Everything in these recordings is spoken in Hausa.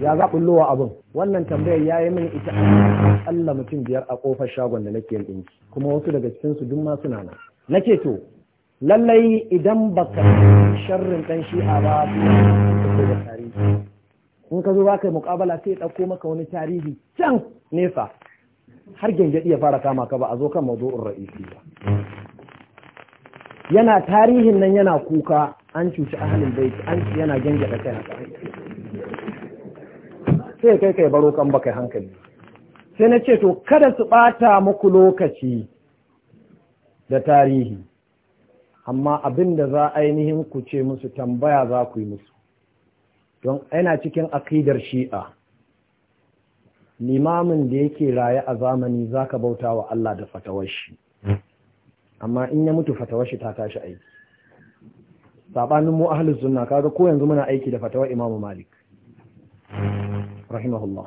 ya za bullowa abin wannan tambayar ya yi mini ita Allah mutum biyar a kofar shagon da nake ɗinki kuma wasu daga cikin su duk ma suna nan nake to lallai idan baka sharrin ɗan shi'a ba da tarihi in ka zo ba kai muƙabala sai ya dauko maka wani tarihi can nesa har gyangyaɗi ya fara kama ka ba a zo kan mawdu'ur ra'isi ba yana tarihin nan yana kuka an cuci ahalin baiti an yana gyangyaɗa kai haka sai kai kai baro kan baka hankali sai na ce to kada su ɓata muku lokaci da tarihi amma abin da za ainihin ku ce musu tambaya za ku yi musu don yana cikin akidar shi'a limamin da yake raye a zamani zaka bauta wa Allah da fatawashi amma in ya mutu fatawashi ta tashi aiki sabanin mu ahlus sunna kaga ko yanzu muna aiki da fatawar imamu malik rahimahullah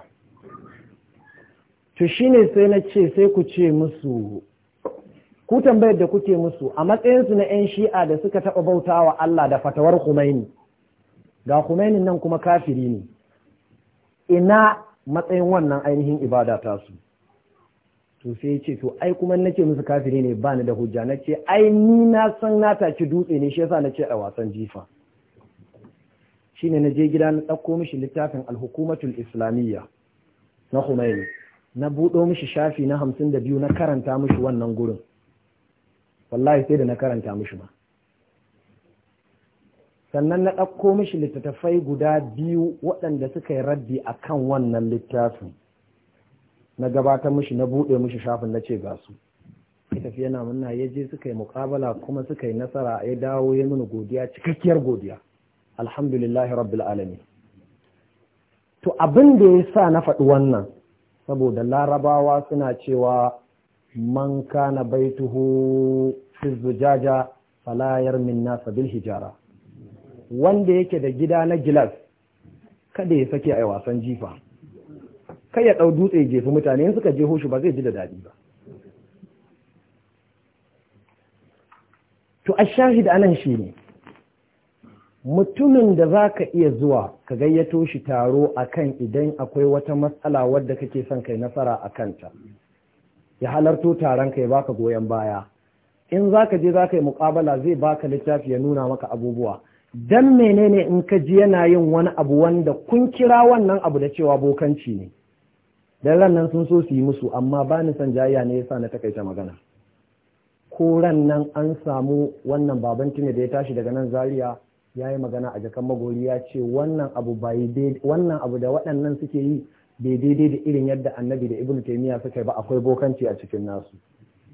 to shine sai na ce sai ku ce musu ku tambayar da kuke musu a matsayinsu na 'yan shi'a da suka taɓa bautawa Allah da fatawar Khomeini ga Khomeini nan kuma kafiri ne ina matsayin wannan ainihin ibada ta su to sai ce to ai kuma nake musu kafiri ne ba ni da hujja nace ai ni na san na taci dutse ne shi yasa nace a wasan jifa shine na je gida na ɗauko mishi littafin alhukumatul islamiyya na Khomeini na buɗo mishi shafi na hamsin da biyu na karanta mishi wannan gurin wallahi sai da na karanta mishi ma sannan na ɗauko mishi littattafai guda biyu waɗanda suka yi raddi a kan wannan littafin na gabatar mishi na buɗe mishi shafin na ce ga su ya tafi yana muna ya je suka yi muƙabala kuma suka yi nasara ya dawo ya nuna godiya cikakkiyar godiya alhamdulillahi rabbil alami to abin da ya sa na faɗi wannan saboda larabawa suna cewa man kana baituhu fi zujaja falayar min nasa bil hijara wanda yake da gida na gilas kada ya sake a wasan jifa kai ya ɗau dutse jefi mutane in suka jeho shi ba zai ji da daɗi ba to a shahid anan shi ne mutumin da za ka iya zuwa ka gayyato shi taro akan idan akwai wata matsala wadda kake son kai nasara a kanta ya halarto taron ka ya baka goyon baya in za ka je za ka yi mukabala zai baka littafi ya nuna maka abubuwa dan menene in ka ji yana yin wani abu wanda kun kira wannan abu da cewa bokanci ne dan ran nan sun so su yi musu amma ba ni son jayya ne yasa na takaita magana ko ran nan an samu wannan baban ne da ya tashi daga nan zaria ya yi magana a jakan magori ya ce wannan abu da waɗannan suke yi bai daidai da irin yadda annabi da ibnu taymiya suka yi ba akwai bokanci a cikin nasu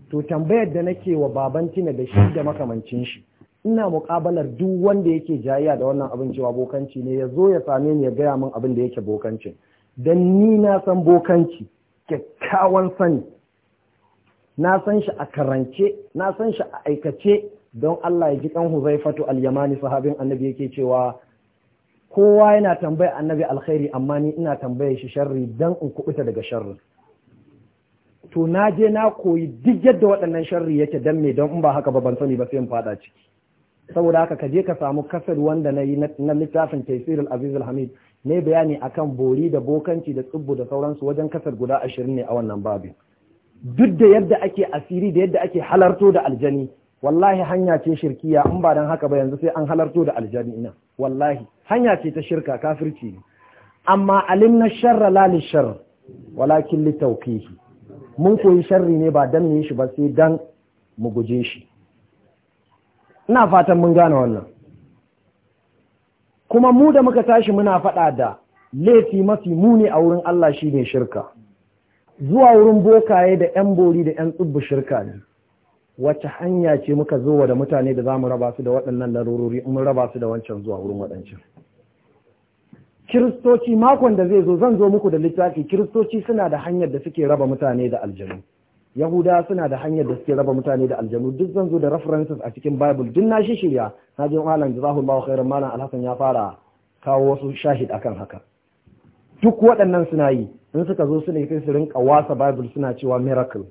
to tambayar da nake wa baban tina da shi da makamancin shi ina muƙabalar duk wanda yake jayya da wannan abin cewa bokanci ne ya zo ya same ni ya gaya min abin da yake bokancin dan ni na san bokanci kyakkyawan sani na san shi a karance na san shi a aikace don Allah ya ji kan Huzaifatu al-Yamani sahabin Annabi yake cewa kowa yana tambaya Annabi alkhairi amma ni ina tambaye shi sharri dan in kubuta daga sharri to na je na koyi duk yadda waɗannan sharri yake dan me don in ba haka ba ban sani ba sai in fada ciki saboda haka ka je ka samu kasar wanda na yi na littafin Taisir al-Aziz al-Hamid ne bayani akan bori da bokanci da tsubbu da sauransu wajen kasar guda ashirin ne a wannan babin duk da yadda ake asiri da yadda ake halarto da aljani wallahi hanya ce shirkiya in ba dan haka ba yanzu sai an halarto da aljami'ina wallahi hanya ce ta shirka kafirci ne amma na sharra la li walakin li tawqihi mun koyi sharri ne ba dan ne shi ba sai dan mu guje shi ina fatan mun gane wannan kuma mu da muka tashi muna faɗa da laifi mafi muni a wurin Allah shi ne shirka zuwa wurin bokaye da 'yan bori da 'yan tsubbu shirka ne wacce hanya ce muka zo da mutane da za mu raba su da waɗannan larurori mun raba su da wancan zuwa wurin waɗancan kiristoci makon da zai zo zan zo muku da littafi kiristoci suna da hanyar da suke raba mutane da aljanu yahuda suna da hanyar da suke raba mutane da aljanu duk zan zo da references a cikin bible duk na shi shirya na ji malam jazahullahu khairan malam alhassan ya fara kawo wasu shahid akan haka duk waɗannan suna yi in suka zo suna yi su rinka wasa bible suna cewa miracle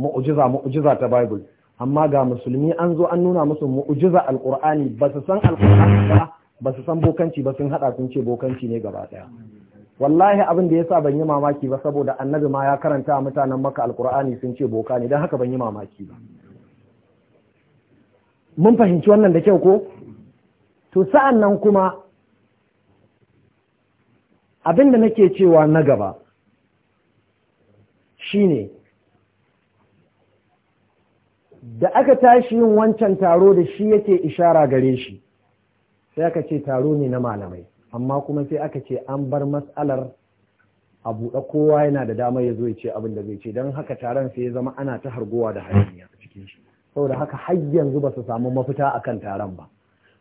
mu'jiza mu'jiza ta bible amma ga musulmi an zo an nuna musu mu'jiza alqur'ani ba su san alqur'ani ba ba su san bokanci ba sun hada sun ce bokanci ne gaba daya wallahi abin da yasa ban yi mamaki ba saboda annabi ma ya karanta mutanen maka alqur'ani sun ce boka ne dan haka ban yi mamaki ba mun fahimci wannan da kyau ko to sa'an nan kuma abin da nake cewa na gaba shine da aka tashi yin wancan taro da shi yake ishara gare shi sai aka ce taro ne na malamai amma kuma sai aka ce an bar matsalar a buɗe kowa yana da damar ya zo ya ce abin da zai ce don haka taron sai ya zama ana ta hargowa da hayaniya a cikin shi saboda haka har yanzu ba su samu mafita akan taron ba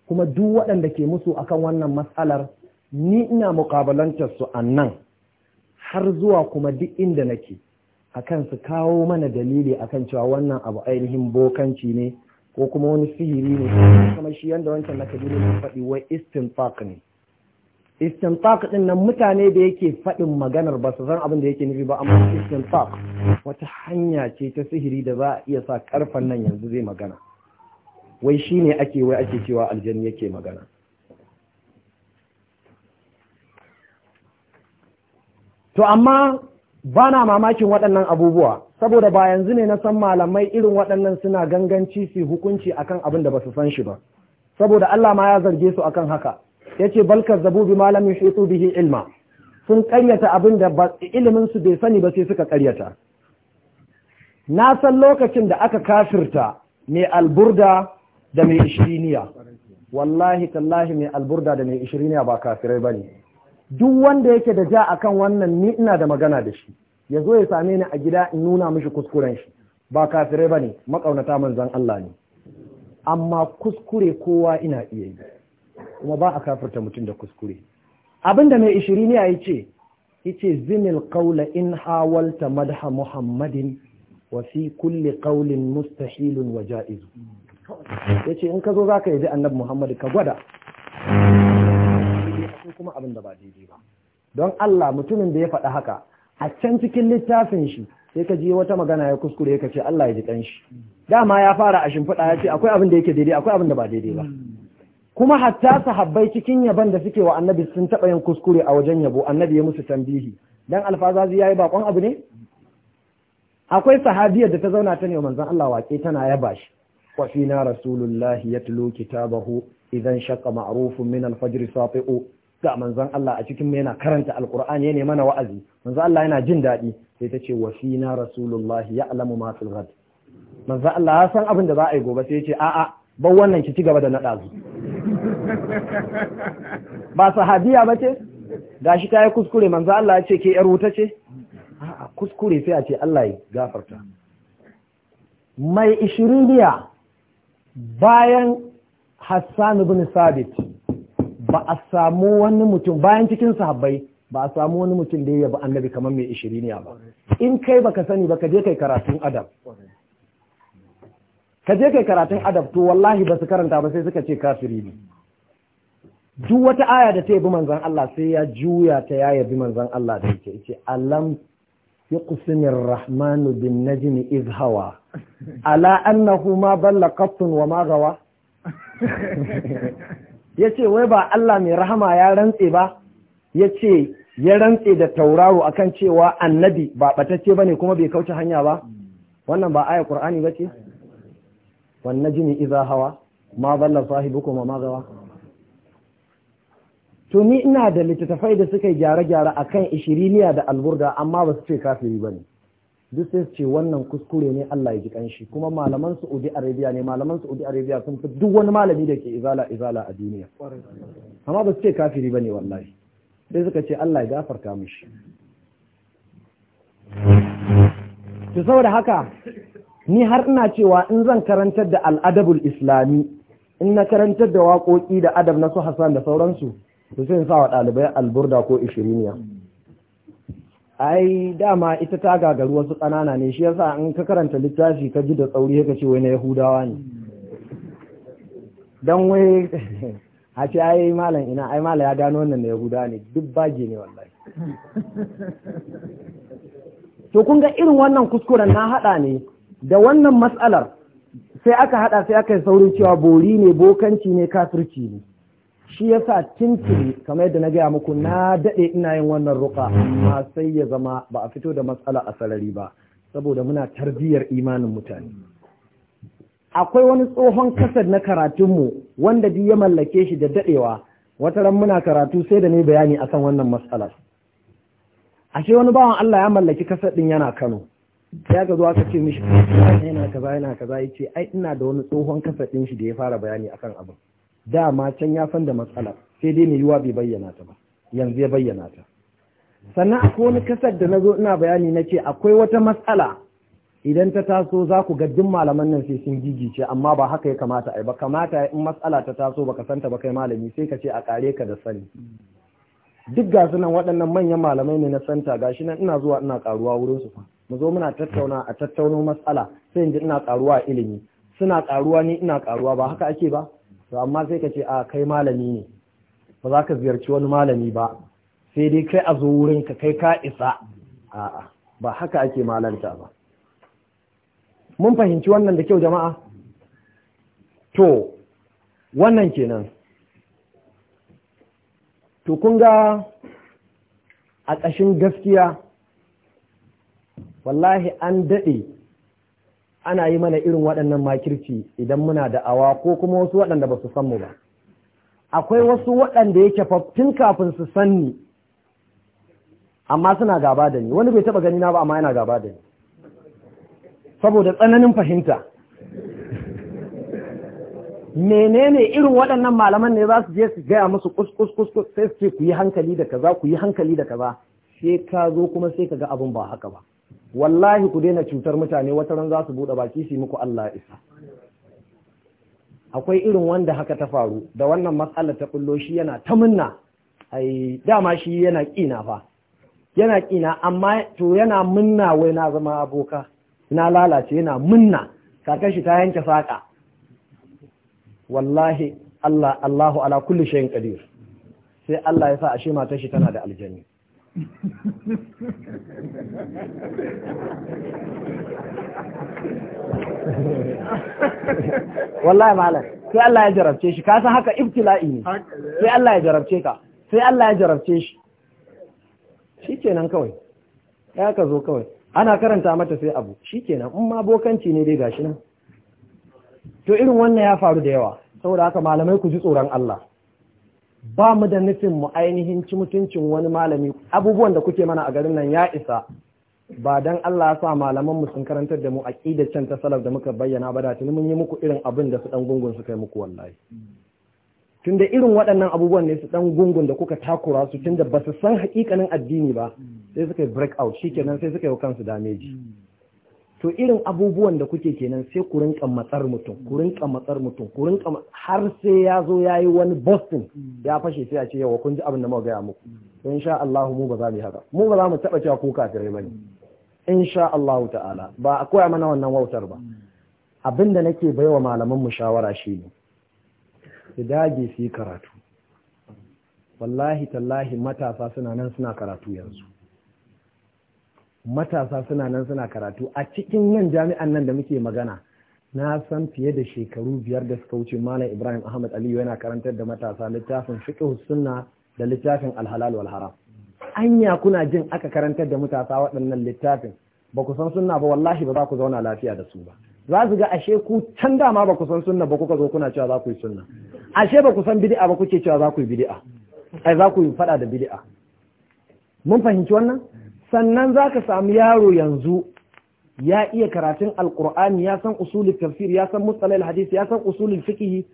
kuma duk waɗanda ke musu akan wannan matsalar ni ina muƙabalantar su a nan har zuwa kuma duk inda nake akan su kawo mana dalili akan cewa wannan abu ainihin bokanci ne ko kuma wani sihiri ne kuma shi yanda wancan na kabiru ne faɗi wai istinfaq ne istinfaq din nan mutane da yake faɗin maganar ba su san abin da yake nufi ba amma istinfaq wata hanya ce ta sihiri da za a iya sa karfan nan yanzu zai magana wai shine ake wai ake cewa aljanni yake magana to amma ba na mamakin waɗannan abubuwa saboda ba yanzu ne na san malamai irin waɗannan suna ganganci su hukunci akan abin da ba su san shi ba saboda Allah ma ya zarge su akan haka yace balkar zabu bi malam yuhitu bihi ilma sun karyata abin da ilimin su bai sani ba sai suka karyata na san lokacin da aka kafirta mai alburda da mai ishiriniya wallahi tallahi mai alburda da mai ishiriniya ba kafirai ba ne. duk wanda yake da ja akan wannan ni ina da magana da shi ya zo ya same ni a gida in nuna mishi kuskuren shi ba kafirai ba ne makaunata manzan Allah ne amma kuskure kowa ina iya yi kuma ba a kafirta mutum da kuskure abinda mai ishiri ne a yi ce ce zinil kaula in hawalta madha muhammadin wa fi kulli mustahilun wa Ya yace in ka zo za zaka yi annabi Muhammadu ka gwada su kuma abin da ba daidai ba don Allah mutumin da ya faɗi haka a can cikin littafin shi sai ka je wata magana ya kuskure ka ce Allah ya ji kanshi dama ya fara a shimfiɗa ya ce akwai abin da yake daidai akwai abin da ba daidai ba kuma hatta sahabbai cikin yaban da suke wa annabi sun taɓa yin kuskure a wajen yabo annabi ya musu tambihi dan alfazazi yayi bakon abu ne akwai sahabiyar da ta zauna ta ne manzon Allah waƙe tana yaba shi wa fina rasulullahi yatlu kitabahu idan shaqqa ma'arufin min al-fajr ga manzon Allah a cikin yana karanta ya yana mana wa'azi manzon Allah yana jin daɗi sai ta ce wa fina rasulullah ya'lamu ma fil ghad manzon Allah ya san abin da za a yi gobe sai ya ce a ban wannan ki ci gaba da naɗa zu ba sahabiya ba ce gashi ta yi kuskure manzon Allah ya ce ke yar wuta ce a'a kuskure sai a ce Allah ya gafarta mai biya bayan Hassan ibn Sabit ba a samu wani mutum bayan cikin sahabbai ba a samu wani mutum da ya yabi annabi kamar mai ishiriniya ba in kai baka sani ba ka je kai karatun adab ka je kai karatun adab to wallahi ba su karanta ba sai suka ce kafiri ne duk wata aya da ta yabi manzon Allah sai ya juya ta ya yabi manzon Allah da yake yace alam يقسم الرحمن بالنجم إذ هوى ألا أنه ما ضل قط وما غوى ya ce wai ba Allah mai rahama ya rantse ba ya ce ya rantse da tauraro akan cewa annabi ba batacce ba ne kuma bai kauce hanya ba wannan ba aya ƙur'ani ba ce wannan jini iza hawa ma kuma ma gawa to ni ina da littattafai da suka yi gyare-gyare akan ishiriniya da alburda amma ba su ce kafiri ba ne duk ce wannan kuskure ne Allah ya ji kanshi kuma malaman Saudi Arabia ne malaman Saudi Arabia sun fi duk wani malami da ke izala izala a duniya amma ba su ce kafiri bane wallahi sai suka ce Allah ya gafarta mishi to saboda haka ni har ina cewa in zan karantar da al'adabul islami in na karantar da waƙoƙi da adab na su Hassan da sauransu to sai in sa wa ɗalibai alburda ko ishiriniya ai dama ita ta gagaru wasu ƙanana ne shi yasa in ka karanta littafi ka ji da tsauri ka ce wai na yahudawa ne don wai a ce ai malam ina ai malam ya gano wannan na yahudawa ne duk baje ne wallahi to kun ga irin wannan kuskuren na haɗa ne da wannan matsalar sai aka haɗa sai aka yi saurin cewa bori ne bokanci ne kafirci ne shi ya sa tintiri kamar yadda na gaya muku na daɗe ina yin wannan ruka ma sai ya zama ba a fito da matsala a sarari ba saboda muna tarbiyyar imanin mutane akwai wani tsohon kasar na karatunmu wanda duk ya mallake shi da daɗewa wata ran muna karatu sai da ne bayani akan wannan matsalar ashe wani bawan Allah ya mallaki kasar ɗin yana Kano ya ga zuwa ka ce mishi yana kaza yana kaza yace ai ina da wani tsohon kasar ɗin shi da ya fara bayani akan abin dama can ya san da matsalar sai dai mai yiwa bai bayyana ta ba yanzu ya bayyana ta sannan akwai wani kasar da na zo ina bayani na ce akwai wata matsala idan ta taso za ku ga duk malaman nan sai sun gigice amma ba haka ya kamata ai ba kamata in matsala ta taso baka santa ba kai malami sai ka ce a kare ka da sani duk ga nan waɗannan manyan malamai ne na santa gashi nan ina zuwa ina karuwa wurin su fa, mu zo muna tattauna a tattauno matsala sai in ji ina karuwa ilimi suna karuwa ni ina karuwa ba haka ake ba to amma sai ka ce a kai malami ne ba za ka ziyarci wani malami ba sai dai kai a zo wurin ka kai ka isa a'a ba haka ake malanta ba mun fahimci wannan da kyau jama'a to wannan kenan to kun ga a ƙashin gaskiya wallahi an daɗe ana yi mana irin waɗannan makirci idan muna da awa ko kuma wasu waɗanda ba su san mu ba akwai wasu waɗanda yake tun kafin su san ni amma suna gaba da ni wani bai taɓa gani na ba amma yana gaba da ni saboda tsananin fahimta menene irin waɗannan malaman ne za su je su gaya musu kuskus kuskus sai su ce ku yi hankali da kaza ku yi hankali da kaza sai ka zo kuma sai ka ga abin ba haka ba wallahi ku daina cutar mutane wata ran za su buɗe baki su muku Allah isa akwai irin wanda haka ta faru da wannan matsalar ta kullo shi yana ta munna ai dama shi yana kina fa yana kina amma to yana munna wai na zama aboka na lalace yana munna kakar shi ta yanke saka wallahi Allah Allahu ala kulli shay'in qadir sai Allah ya sa ashe matar shi tana da aljanna wallahi malam sai Allah ya jarabce shi ka san haka ibtila'i ne sai Allah ya jarabce ka sai Allah ya jarabce shi shikenan kawai ya ka zo kawai ana karanta mata sai abu shikenan in ma bokanci ne dai gashi nan to irin wannan ya faru da yawa saboda haka malamai ku ji tsoron Allah ba mu da nufin mu ainihin ci mutuncin wani malami abubuwan da kuke mana a garin nan ya isa ba dan Allah ya sa malaman mu sun karantar da mu aqidar can ta salaf da muka bayyana ba da tuni mun yi muku irin abin da su dan gungun suka yi muku wallahi tunda irin waɗannan abubuwan ne su dan gungun da kuka takura su tunda ba su san hakikanin addini ba sai suka yi break out shikenan sai suka yi kansu dameji to irin abubuwan da kuke kenan sai ku rinka matsar mutum ku rinka matsar mutum ku rinka har sai ya zo ya yi wani boston ya fashe sai a ce yawa kun ji abin da muka gaya muku to sha Allah mu ba za mu haka mu ba za mu taba cewa ku kafirai bane sha Allah ta'ala ba a koya mana wannan wautar ba abin da nake baiwa malaman mu shawara shine su dage su yi karatu wallahi tallahi matasa suna nan suna karatu yanzu matasa suna nan suna karatu a cikin nan jami'an nan da muke magana na san fiye da shekaru biyar da suka wuce malam ibrahim ahmad aliyu yana karantar da matasa littafin fiqh sunna da littafin alhalal wal haram anya kuna jin aka karantar da matasa waɗannan littafin ba ku san sunna ba wallahi ba za ku zauna lafiya da su ba za su ga ashe ku can dama ba ku san sunna ba kuka zo kuna cewa za ku yi sunna ashe ba ku san bid'a ba kuke cewa za ku yi bid'a ai za ku yi fada da bid'a mun fahimci wannan sannan za ka samu yaro yanzu ya iya karatun alkur'ani ya san usulun tafsir ya san mustalahil hadisi ya san usulun fiqh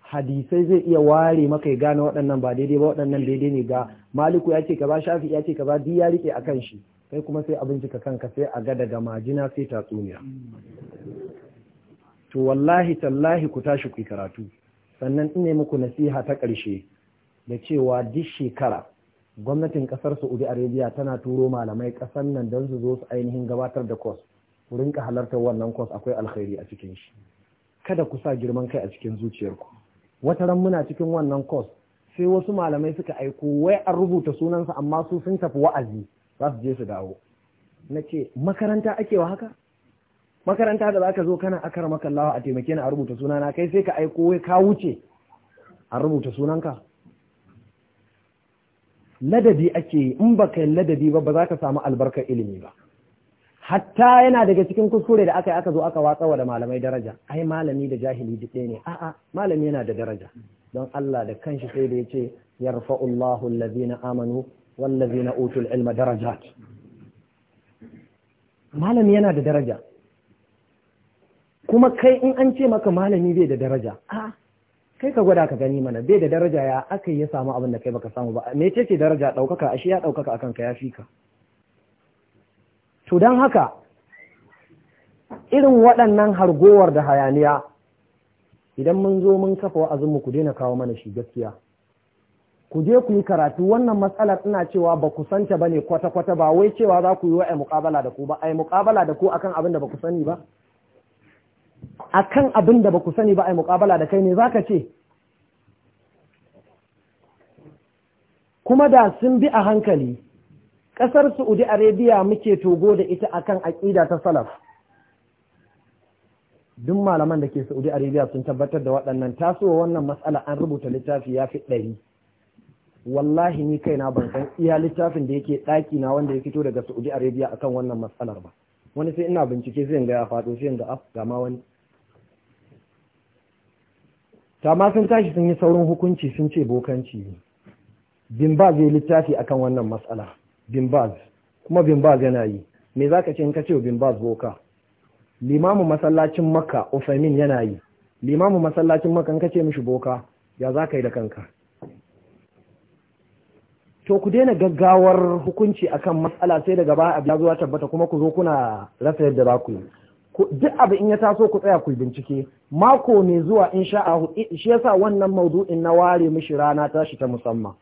hadisai zai iya ware maka ya gane waɗannan ba daidai ba waɗannan daidai ne ga maliku ya ce ka ba shafi ya ce ba duk ya rike akan shi kai kuma sai a bincika kanka sai a ga daga majina sai tatsuniya to wallahi tallahi ku tashi ku karatu sannan in ina muku nasiha ta ƙarshe da cewa duk shekara gwamnatin ƙasar saudi arabia tana turo malamai ƙasar nan don su zo su ainihin gabatar da kwas ku rinka halartar wannan kwas akwai alkhairi a cikin shi kada ku sa girman kai a cikin zuciyarku wata ran muna cikin wannan kwas sai wasu malamai suka aiko wai an rubuta sunansa amma su sun tafi wa'azi za su je su dawo na ce makaranta ake wa haka makaranta da zaka zo kana akar makallawa a taimake ni a rubuta sunana kai sai ka aiko wai ka wuce a rubuta sunanka ladabi ake yi in baka yi ladabi ba ba za ka samu albarkar ilimi ba hatta yana daga cikin kuskure da aka yi aka zo aka watsa wa da malamai daraja ai malami da jahili duk ne a'a malami yana da daraja don Allah da kanshi sai da yace yarfa'u Allahu allazina amanu wallazina utul ilma darajat malami yana da daraja kuma kai in an ce maka malami bai da daraja A'a. kai ka gwada ka gani mana bai da daraja ya aka ya samu abin da kai baka samu ba me ce ce daraja ɗaukaka shi ya ɗaukaka a ka ya fi ka to don haka irin waɗannan hargowar da hayaniya idan mun zo mun kafa mu ku daina kawo mana shi gaskiya ku je ku yi karatu wannan matsalar ina cewa ba ku ta ba ne kwata-kwata ba wai cewa za ku yi wa muƙabala da ku ba ai muƙabala da ku akan abin da ba ku sani ba A kan abin da ba ku sani ba a mukabala da kai ne za ka ce kuma da sun bi a hankali ƙasar saudi arabia muke togo da ita akan aƙida ta salaf duk malaman da ke saudi arabia sun tabbatar da waɗannan tasowa wannan matsala an rubuta littafi ya fi ɗari wallahi ni kaina ban san iya littafin da yake ɗaki na wanda ya fito daga saudi arabia akan wannan matsalar ba wani sai ina bincike sai ga ya faɗo sai ga ah, ga ma wani amma sun tashi sun yi saurin hukunci sun ce bokanci ne bin baz ya littafi akan wannan matsala bin kuma bin yana yi me za ka ce in ka ce bin boka limamin masallacin makka ofamin yana yi limamin masallacin makka in ka ce mishi boka ya za ka yi da kanka to ku daina gaggawar hukunci akan matsala sai daga baya a ya zuwa tabbata kuma ku zo kuna rasa yadda za ku yi duk abu in ya taso ku tsaya ku bincike mako ne zuwa in hudu shi yasa wannan maudu'in na ware mishi rana tashi ta musamman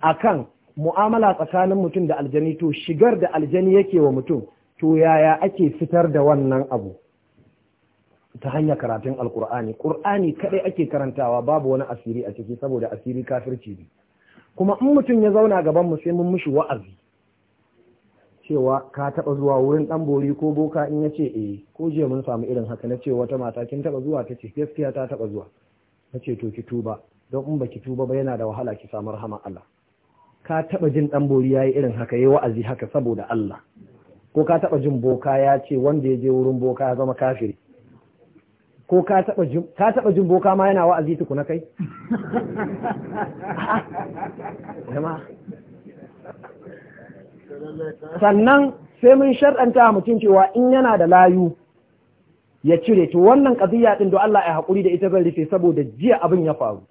akan mu'amala tsakanin mutum da aljani to shigar da aljani yake wa mutum to yaya ake fitar da wannan abu ta hanyar karatun alkur'ani ƙur'ani kaɗai ake karantawa babu wani asiri a ciki saboda asiri kafirci ne kuma in mutum ya zauna gaban mu sai mun mishi wa'azi cewa ka taba zuwa wurin dan bori ko boka in ya ce eh ko jiya mun samu irin haka na ce wata mata kin taba zuwa ta ce gaskiya ta taba zuwa na ce to ki tuba don in baki tuba ba yana da wahala ki samu rahama Allah ka taba jin dan bori yayi irin haka yayi wa'azi haka saboda Allah ko ka taba jin boka ya ce wanda ya je wurin boka ya zama kafiri ko ka taba jin ka taba jin boka ma yana wa'azi tukuna kai jama'a sannan sai mun shar'anta mutum cewa in yana da layu ya cire to wannan ƙaziyya ɗin da Allah ya haƙuri da ita zan rufe saboda jiya abin ya faru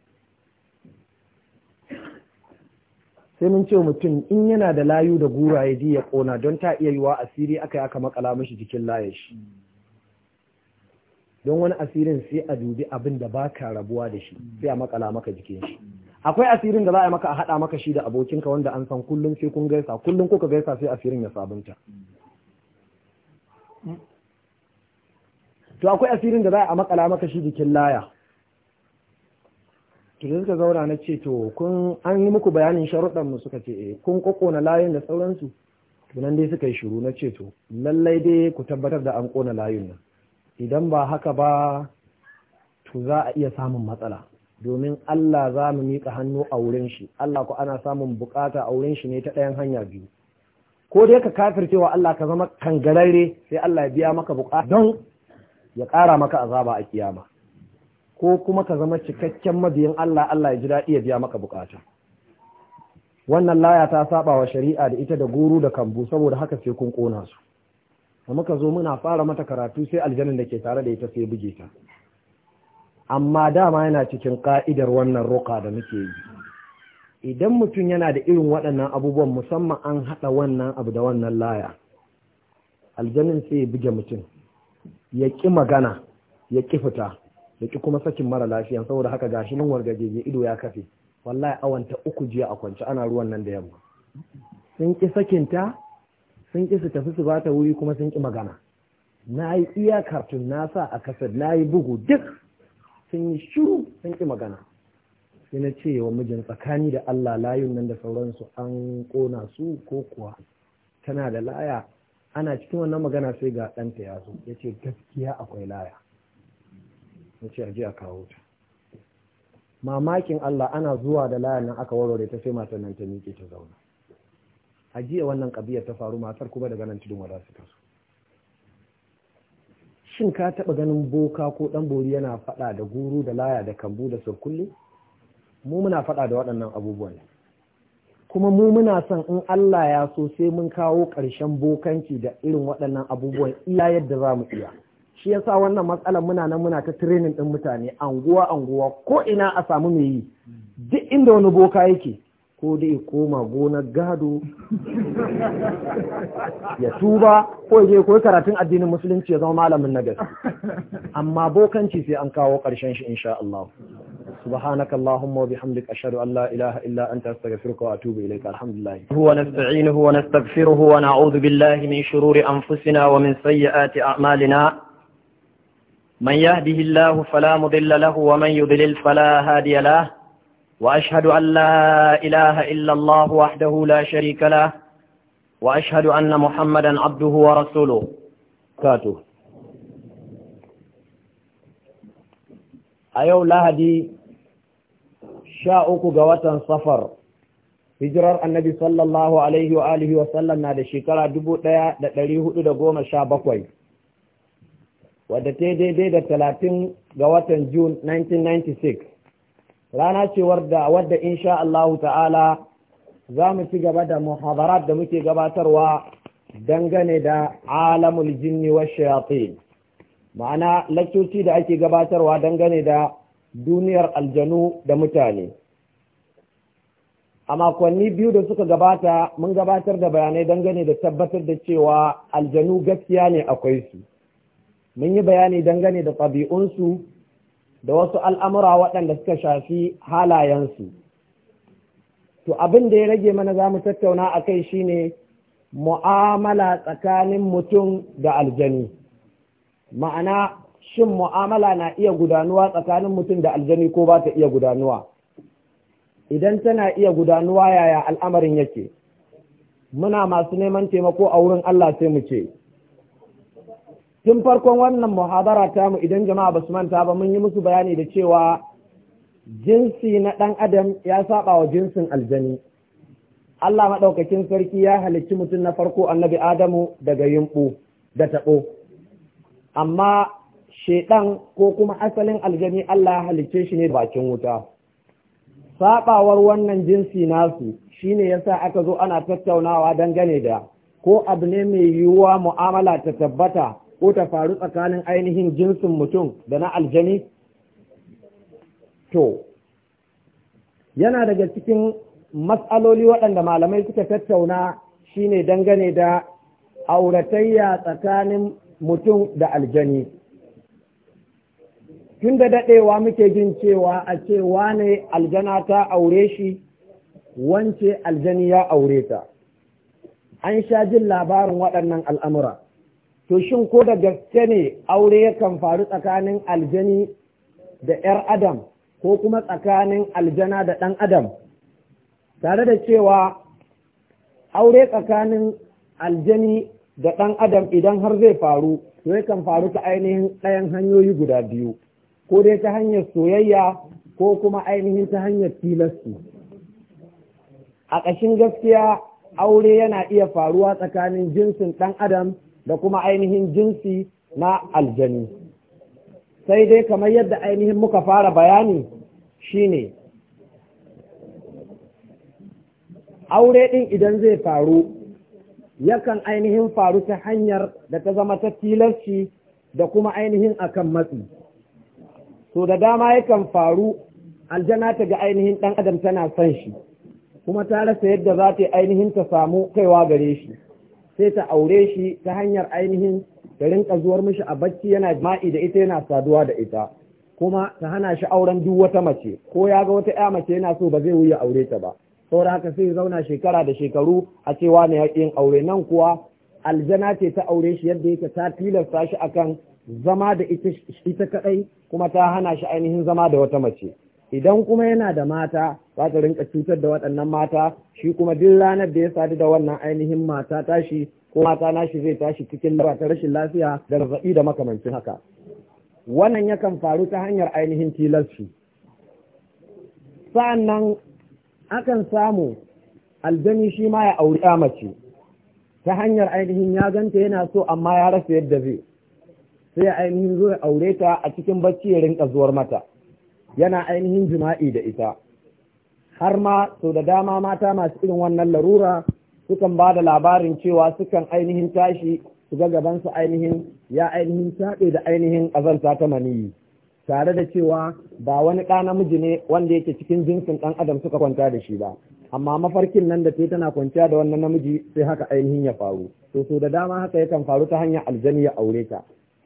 sai mun ce mutum in yana da layu da gura ya ji ya ƙona don ta iya yiwa asiri aka yi aka makala mashi jikin layar shi don wani asirin sai a dubi abin da ba ka rabuwa da shi sai a makala maka jikin shi akwai asirin da za a maka a haɗa maka shi da abokinka wanda an san kullum sai kun gaisa kullum kuka gaisa sai asirin ya sabunta to akwai asirin da za a makala maka shi jikin laya to da suka zauna na ce to kun an yi muku bayanin sharuɗan mu suka ce eh kun kokona layin da sauransu to nan dai suka yi shiru na ce to lallai dai ku tabbatar da an kona layin nan idan ba haka ba to za a iya samun matsala domin Allah za mu miƙa hannu a wurin shi Allah ku ana samun bukata a wurin shi ne ta ɗayan hanya biyu ko dai ka kafircewa Allah ka zama kangararre sai Allah ya biya maka bukata don ya ƙara maka azaba a kiyama ko kuma ka zama cikakken mabiyin Allah Allah ya ji daɗi ya biya maka bukata wannan laya ta saba wa shari'a da ita da guru da kambu saboda haka sai kun kona su da muka zo muna fara mata karatu sai aljanin da ke tare da ita sai buge ta amma dama yana cikin ka'idar wannan ruka da muke yi idan mutum yana da irin waɗannan abubuwan musamman an haɗa wannan abu da wannan laya aljanin sai ya buge mutum ya ƙi magana ya ƙi fita ya ƙi kuma sakin mara lafiya saboda haka gashi nan ya ido ya kafe wallahi awanta uku jiya a kwance ana ruwan nan da yamma sun ƙi sakinta sun ƙi su tafi su bata wuri kuma sun ƙi magana na yi iya kartun na sa a kasar na yi bugu duk sun yi shiru sun ƙi magana sai na ce wa mijin tsakani da Allah layun nan da sauransu an ƙona su ko kuwa tana da laya ana cikin wannan magana sai ga ɗanta ya zo ya ce gaskiya akwai laya ya ce aji a kawo ta mamakin Allah ana zuwa da laya nan aka warware ta sai matan nan ta miƙe ta zauna a jiya wannan ƙabiyar ta faru matar kuma daga nan tudun wada su shin ka taɓa ganin boka ko ɗan bori yana faɗa da guru da laya da kambu da surkulli mu muna faɗa da waɗannan abubuwan kuma mu muna son in Allah ya so sai mun kawo ƙarshen bokanci da irin waɗannan abubuwan iya yadda za mu iya shi yasa wannan matsalar muna nan muna ta training ɗin mutane anguwa anguwa ko ina a samu mai yi duk inda wani boka yake ko dai koma gonar gado ya tuba ko je koyi karatun addinin musulunci ya zama malamin nagari amma bokanci sai an kawo karshen shi insha Allah subhanaka allahumma wa bihamdika ashhadu an la ilaha illa anta astaghfiruka wa atubu ilayka alhamdulillah huwa nasta'inuhu wa nastaghfiruhu wa na'udhu min shururi anfusina wa min sayyiati a'malina man yahdihillahu fala mudilla wa man yudlil fala hadiya وأشهد أن لا إله إلا الله وحده لا شريك له وأشهد أن محمدا عبده ورسوله كاته أيو لهدي شاءك قوة صفر hijirar annabi sallallahu alaihi wa na da shekara 1417 wadda ta daidai da 30 ga watan June 1996 rana ce wadda wadda insha Allahu ta'ala za mu ci gaba da muhadarat da muke gabatarwa dangane da alamul jinni wa shayatin ma'ana lakcoci da ake gabatarwa dangane da duniyar aljanu da mutane a makonni biyu da suka gabata mun gabatar da bayanai dangane da tabbatar da cewa aljanu gaskiya ne akwai su mun yi bayani dangane da ɗabi'unsu da wasu al'amura waɗanda suka shafi halayensu. To abin da ya rage mana za mu tattauna a kai shi ne mu'amala tsakanin mutum da aljani. Ma'ana, shin mu'amala na iya gudanuwa tsakanin mutum da aljani ko ba ta iya gudanuwa? Idan tana iya gudanuwa yaya al'amarin yake, muna masu neman taimako a wurin Allah sai mu ce. tun farkon wannan muhabara ta mu idan jama'a basu manta ba mun yi musu bayani da cewa jinsi na ɗan adam ya saba wa jinsin aljani Allah maɗaukakin sarki ya halicci mutum na farko annabi Adamu daga yumɓu da taɓo amma shaiɗan ko kuma asalin aljani Allah ya halicce shi ne bakin wuta saɓawar wannan jinsi nasu shine yasa aka zo ana tattaunawa dangane da ko abu ne mai yiwuwa mu'amala ta tabbata ko ta faru tsakanin ainihin jinsin mutum da na aljani to yana daga cikin matsaloli waɗanda malamai suka tattauna shine dangane da auratayya tsakanin mutum da aljani tun da daɗewa muke jin cewa a ce wane aljana ta aure shi wance aljani ya aure ta an sha jin labarin waɗannan al'amura to shin ko da gaske ne aure yakan faru tsakanin aljani da 'yar adam ko kuma tsakanin aljana da ɗan adam tare da cewa aure tsakanin aljani da ɗan adam idan har zai faru to yakan faru ta ainihin ɗayan hanyoyi guda biyu ko dai ta hanyar soyayya ko kuma ainihin ta hanyar tilasti a ƙashin gaskiya aure yana iya faruwa tsakanin jinsin ɗan adam da kuma ainihin jinsi na aljani sai dai kamar yadda ainihin muka fara bayani shine aure ɗin idan zai faru yakan ainihin faru ta hanyar da ta zama ta tilarci da kuma ainihin akan matsi to da dama yakan faru aljana ta ga ainihin ɗan adam tana son shi kuma ta rasa yadda za ta ainihin ta samu kaiwa gare shi sai ta aure shi ta hanyar ainihin ta rinka zuwar mishi a bacci yana ma'i da ita yana saduwa da ita kuma ta hana shi auren duk wata mace ko ya ga wata ya mace yana so ba zai wuya aure ta ba saboda haka sai zauna shekara da shekaru a cewa na yaƙin aure nan kuwa aljana ce ta aure shi yadda yake ta tilasta shi akan zama da ita ita kadai kuma ta hana shi ainihin zama da wata mace idan kuma yana da mata za ta rinka cutar da waɗannan mata shi kuma duk ranar da ya sadu da wannan ainihin mata tashi ko mata nashi zai tashi cikin laba ta rashin lafiya da zazzaɓi da makamancin haka wannan yakan faru ta hanyar ainihin tilasci sa'annan akan samu aljani shi ma ya auri mace ta hanyar ainihin ya ganta yana so amma ya rasa yadda zai sai ya ainihin zo ya aure ta a cikin bacci ya rinka zuwar mata yana ainihin jima'i da ita har ma sau da dama mata masu irin wannan larura sukan ba da labarin cewa sukan ainihin tashi su ga gabansu ainihin ya ainihin taɗe da ainihin ƙazanta ta maniyi tare da cewa ba wani ɗa namiji ne wanda yake cikin jinsin ɗan adam suka kwanta da shi ba amma mafarkin nan da ta tana kwanciya da wannan namiji sai haka ainihin ya faru to so da dama haka yakan faru ta hanyar aljani ya aure ta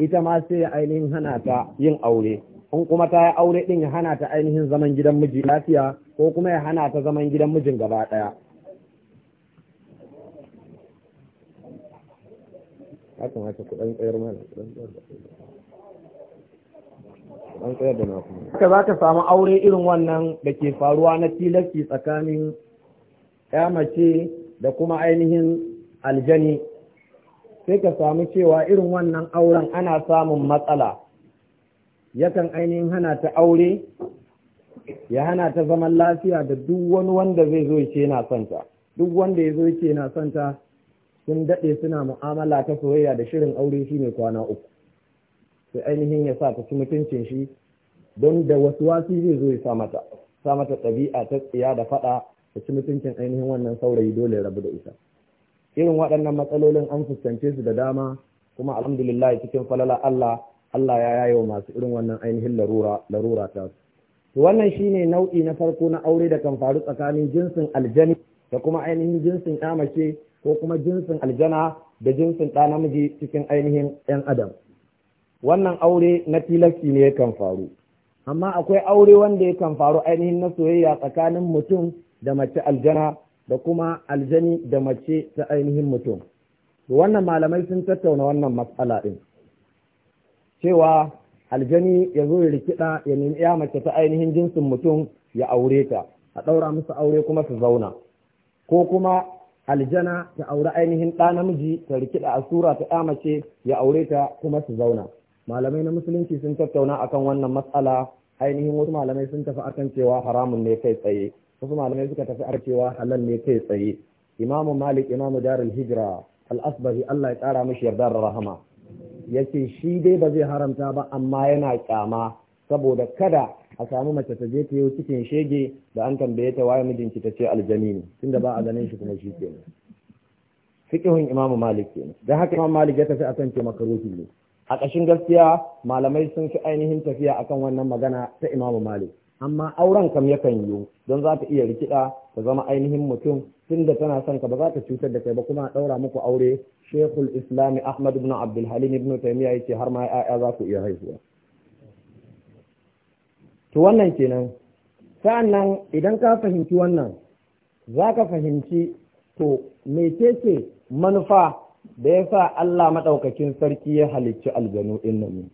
ita ma sai ya ainihin hana ta yin aure in kuma ta yi aure ɗin ya hana ta ainihin zaman gidan miji lafiya ko kuma ya hana ta zaman gidan mijin gaba ɗaya. haka za ka samu aure irin wannan da ke faruwa na tilasti tsakanin ya mace da kuma ainihin aljani sai ka samu cewa irin wannan auren ana samun matsala yakan ainihin hana ta aure ya hana ta zaman lafiya da duk wani wanda zai zo ce yana son duk wanda ya zo ce yana son ta sun daɗe suna mu'amala ta soyayya da shirin aure shi shine kwana uku sai ainihin ya sa ta ci mutuncin shi don da wasu wasu zai zo ya sa mata sa ɗabi'a ta tsiya da faɗa ta ci mutuncin ainihin wannan saurayi dole rabu da ita irin waɗannan matsalolin an fuskance su da dama kuma alhamdulillah cikin falala Allah Allah ya yayo masu irin wannan ainihin larura larura ta to wannan shine nau'i na farko na aure da kan faru tsakanin jinsin aljani da kuma ainihin jinsin ya mace ko kuma jinsin aljana da jinsin ɗa namiji cikin ainihin 'yan adam wannan aure na tilasti ne yakan faru amma akwai aure wanda yakan faru ainihin na soyayya tsakanin mutum da mace aljana da kuma aljani da mace ta ainihin mutum wannan malamai sun tattauna wannan matsala ɗin cewa aljani ya zo ya rikida ya nemi ya mace ta ainihin jinsin mutum ya aure ta a ɗaura musu aure kuma su zauna ko kuma aljana ta aure ainihin ɗa namiji ta rikida a sura ta ya mace ya aure ta kuma su zauna malamai na musulunci sun tattauna akan wannan matsala ainihin wasu malamai sun tafi akan cewa haramun ne kai tsaye wasu malamai suka tafi akan cewa halal ne kai tsaye imamu malik imamu darul hijra al-asbahi Allah ya kara mishi yarda da rahama ya ce shi dai ba zai haramta ba amma yana kyama saboda kada a samu mace ta je ta yi cikin shege da an tambaye ta waye mijinki ta ce aljami ne tunda ba a ganin shi kuma shi ke ne fiqhun imam malik kenan dan haka imam malik ya tafi akan ce makaruhi ne a ƙashin gaskiya malamai sun fi ainihin tafiya akan wannan magana ta imam malik amma auren kam yakan yiwu don za ta iya rikida ta zama ainihin mutum tun da tana son ka ba za ta cutar da kai ba kuma a ɗaura muku aure shekul islami ahmad ibn abdul halim ibn taymiya yace har ma ya'ya za ku iya haihuwa to wannan kenan sa'an idan ka fahimci wannan za ka fahimci to mecece manufa da ya sa Allah maɗaukakin sarki ya halicci aljanu in nan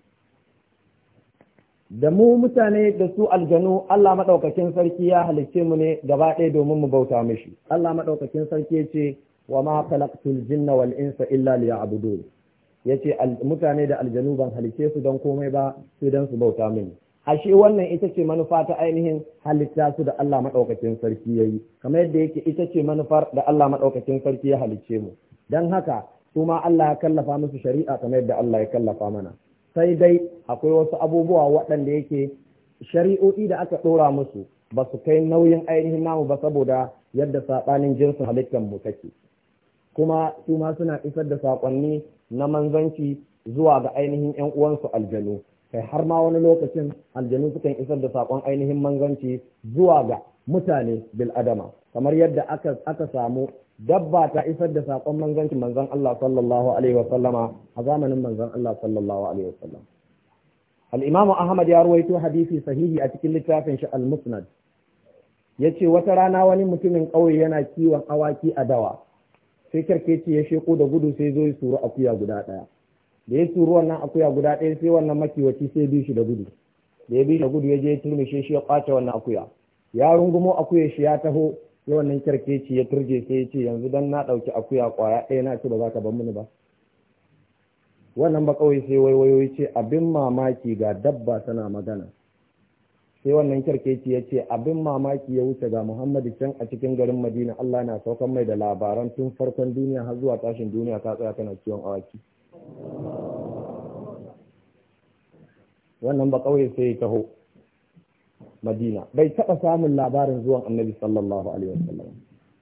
da mu mutane da su aljanu Allah maɗaukakin sarki ya halicce mu ne gaba ɗaya domin mu bauta mishi Allah maɗaukakin sarki ya ce wa ma khalaqtul jinna wal insa illa liya'budun yace mutane da aljanu ban halicce su don komai ba sai don su bauta mini ashe wannan ita ce manufa ta ainihin halitta su da Allah maɗaukakin sarki yayi kamar yadda yake ita ce manufar da Allah maɗaukakin sarki ya halicce mu dan haka su ma Allah ya kallafa musu shari'a kamar yadda Allah ya kallafa mana sai dai akwai wasu abubuwa waɗanda yake shari'o'i da aka ɗora musu ba su kai nauyin ainihin namu ba saboda yadda saɓanin jinsin halittar mu take kuma su ma suna isar da saƙonni na manzanci zuwa ga ainihin 'yan uwansu aljanu kai har ma wani lokacin aljanu sukan isar da saƙon ainihin manzanci zuwa ga mutane bil'adama kamar yadda aka samu dabba ta isar da saƙon manzanci manzan Allah sallallahu alaihi wa sallama a zamanin manzan Allah sallallahu alaihi wa sallam al-Imam Ahmad ya ruwaito hadisi sahihi a cikin littafin shi al-Musnad ce wata rana wani mutumin ƙauye yana kiwon awaki a dawa sai karkeci ya sheko da gudu sai zo suru akuya guda ɗaya da ya suru wannan akuya guda ɗaya sai wannan makiwaci sai bi shi da gudu da ya bi shi da gudu ya je ya turmishe shi ya kwace wannan akuya ya rungumo akuya shi ya taho sai wannan kyarkeci ya turje sai ya ce yanzu dan na ɗauki akuya ƙwaya ɗaya na ce ba za ka ban mini ba wannan ba kawai sai waiwayoyi ce abin mamaki ga dabba tana magana sai wannan kyarkeci ya ce abin mamaki ya wuce ga muhammadu can a cikin garin madina allah na saukan mai da labaran tun farkon duniya har zuwa tashin duniya ka tsaya kana kiwon awaki wannan ba kawai sai ya taho madina bai taɓa samun labarin zuwan annabi sallallahu alaihi wasallam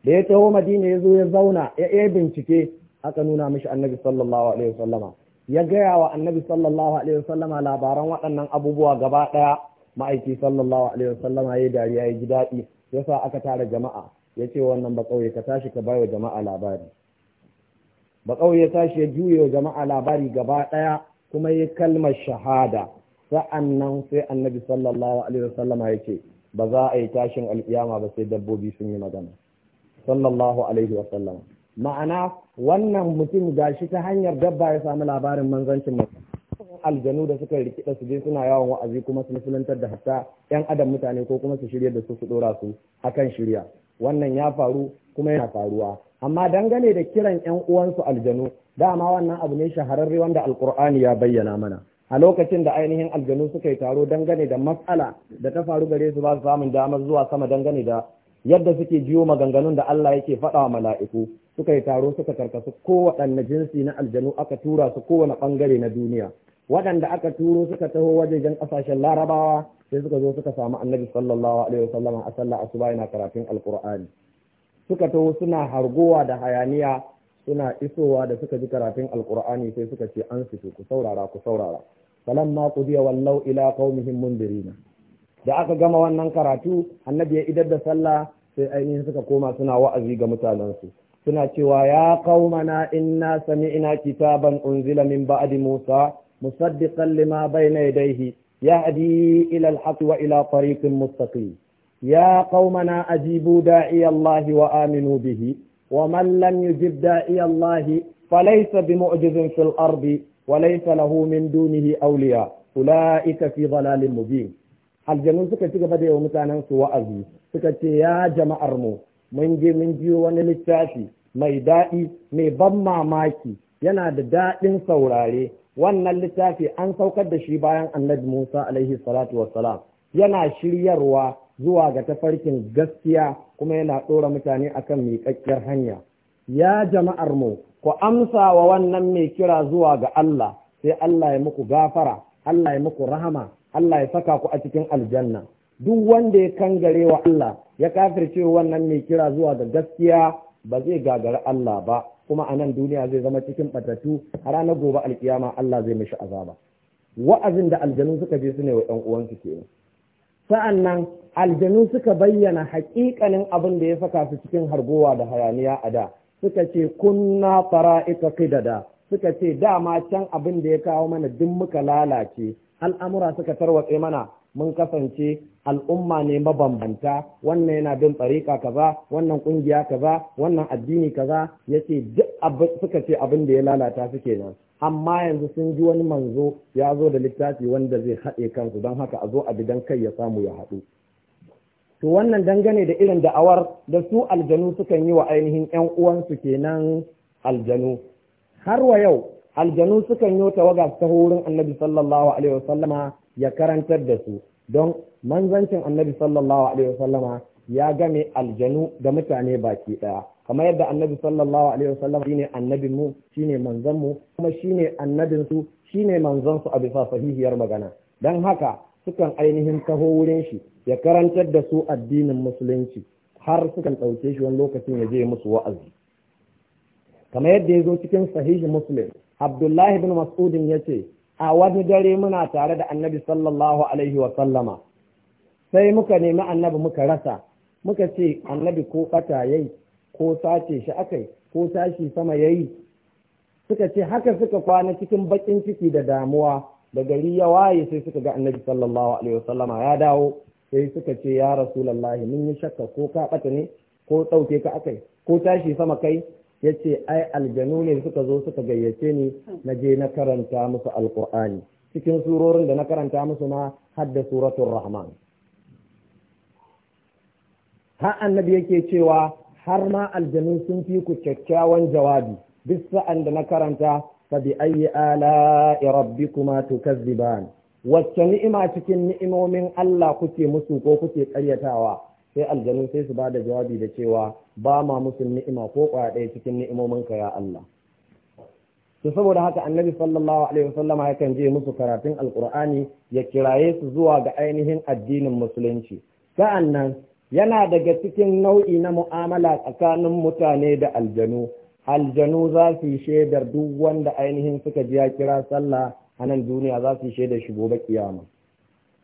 da ya taho madina ya zo ya zauna ya iya bincike aka nuna mishi annabi sallallahu alaihi wasallama ya gaya wa annabi sallallahu alaihi wasallama labaran waɗannan abubuwa gaba ɗaya ma'aiki sallallahu alaihi wasallama ya dariya ya ji daɗi yasa aka tara jama'a ya ce wannan ba ƙauye ka tashi ka bayo jama'a labari ba ƙauye tashi ya juye jama'a labari gaba ɗaya kuma ya kalmar shahada sa'annan sai annabi sallallahu alaihi wasallama ce ba za a yi tashin alkiyama ba sai dabbobi sun yi magana sallallahu alaihi wasallama ma'ana wannan mutum gashi ta hanyar dabba ya samu labarin manzancin mutum aljanu da suka rikida su je suna yawon wa'azi kuma su musulantar da hatta yan adam mutane ko kuma su shirya da su su dora su akan shirya wannan ya faru kuma yana faruwa amma dangane da kiran yan uwansu aljanu dama wannan abu ne shahararre wanda alkur'ani ya bayyana mana a lokacin da ainihin aljanu suka yi taro dangane da matsala da ta faru gare su ba su samun damar zuwa sama dangane da yadda suke jiyo maganganun da Allah yake faɗa wa mala'iku suka yi taro suka karkasu kowaɗanne jinsi na aljanu aka tura su kowane ɓangare na duniya waɗanda aka turo suka taho wajejen ƙasashen larabawa sai suka zo suka samu annabi sallallahu alaihi wasallam a sallah asuba yana karatun alqur'ani suka taho suna hargowa da hayaniya suna isowa da suka ji karatun alqur'ani sai suka ce an fito ku saurara ku saurara فلما قضي ولوا الى قومهم منذرين da aka gama wannan karatu annabi ya idar da sallah sai ainihin suka koma suna wa'azi ga mutanensu suna cewa ya qaumana inna sami'na kitaban unzila min ba'di musa musaddiqan lima bayna yadayhi yahdi ila al-haqqi wa ila tariqin mustaqim ya qaumana ajibu da'iya Allah wa aminu bihi ومن لم يجب داعي الله فليس بمعجز في الأرض walaysa lahu min dunihi awliya ulaika fi dhalalin mubin aljanun suka ci gaba da yawa mutanensu wa'azi suka ce ya jama'ar mu mun je mun jiyo wani littafi mai daɗi mai ban mamaki yana da daɗin saurare wannan littafi an saukar da shi bayan annabi Musa alaihi salatu wassalam yana shiryarwa zuwa ga tafarkin gaskiya kuma yana ɗora mutane akan miƙaƙƙiyar hanya ya jama'ar mu ku amsa wa wannan mai kira zuwa ga Allah sai Allah ya muku gafara Allah ya muku rahama Allah ya saka ku a cikin aljanna duk wanda ya kangare wa Allah ya kafirce wannan mai kira zuwa ga gaskiya ba zai gagari Allah ba kuma a nan duniya zai zama cikin batatu a ranar gobe alkiyama Allah zai mishi azaba wa'azin da aljanu suka je su ne wa ɗan uwansu ke sa'an nan aljanu suka bayyana haƙiƙanin abin da ya saka su cikin hargowa da hayaniya a da suka ce kunna fara ita da? suka ce dama can abin da ya kawo mana duk muka lalace al'amura suka tarwatse mana mun kasance al'umma ne mabambanta wannan yana bin tsarika kaza wannan kungiya kaza wannan addini kaza yace duk suka ce abin da ya lalata suke nan. amma yanzu sun ji wani manzo ya zo da littafi wanda zai haɗe kansu don haka a zo a bidan kai ya samu ya haɗu to wannan dangane da irin da'awar da su aljanu sukan yi wa ainihin 'yan uwansu kenan aljanu har wa yau aljanu sukan yi waga ta wurin annabi sallallahu alaihi wasallama ya karantar da su don manzancin annabi sallallahu alaihi wasallama ya game aljanu da mutane baki daya kamar yadda annabi sallallahu alaihi wasallama shine annabin mu shine manzon mu kuma shine annabin su shine manzon su a bisa sahihiyar magana dan haka sukan ainihin taho wurin shi ya karantar da su addinin musulunci har sukan ɗauke shi wani lokacin ya je musu wa'azi kamar yadda ya zo cikin sahihi muslim abdullahi bin mas'udin ya ce a wani dare muna tare da annabi sallallahu alaihi wa sallama sai muka nemi annabi muka rasa muka ce annabi ko kata yayi ko sace shi akai ko tashi sama yayi suka ce haka suka kwana cikin bakin ciki da damuwa da gari ya waye sai suka ga annabi sallallahu alaihi sallama ya dawo sai suka ce ya rasulullahi mun yi shakka ko ka bata ne ko ɗauke ka akai ko tashi sama kai yace ai aljanu ne suka zo suka gayyace ni na je na karanta musu alkur'ani cikin surorin da na karanta musu ma har da suratul rahman ha annabi yake cewa har ma aljanu sun fi ku kyakkyawan jawabi duk sa'an da na karanta fa bi ayyi ala rabbikuma tukazziban wacce ni'ima cikin ni'imomin Allah kuke musu ko kuke ƙaryatawa sai aljanu sai su bada jawabi da cewa ba ma musu ni'ima ko kwaya ɗaya cikin ni'imomin ka ya Allah to saboda haka annabi sallallahu alaihi wasallama yakan je musu karatun alqur'ani ya kiraye su zuwa ga ainihin addinin musulunci sa'annan yana daga cikin nau'i na mu'amala tsakanin mutane da aljanu aljanu za su yi shaidar duk wanda ainihin suka ji ya kira sallah a nan duniya za su yi shaida shi gobe kiyama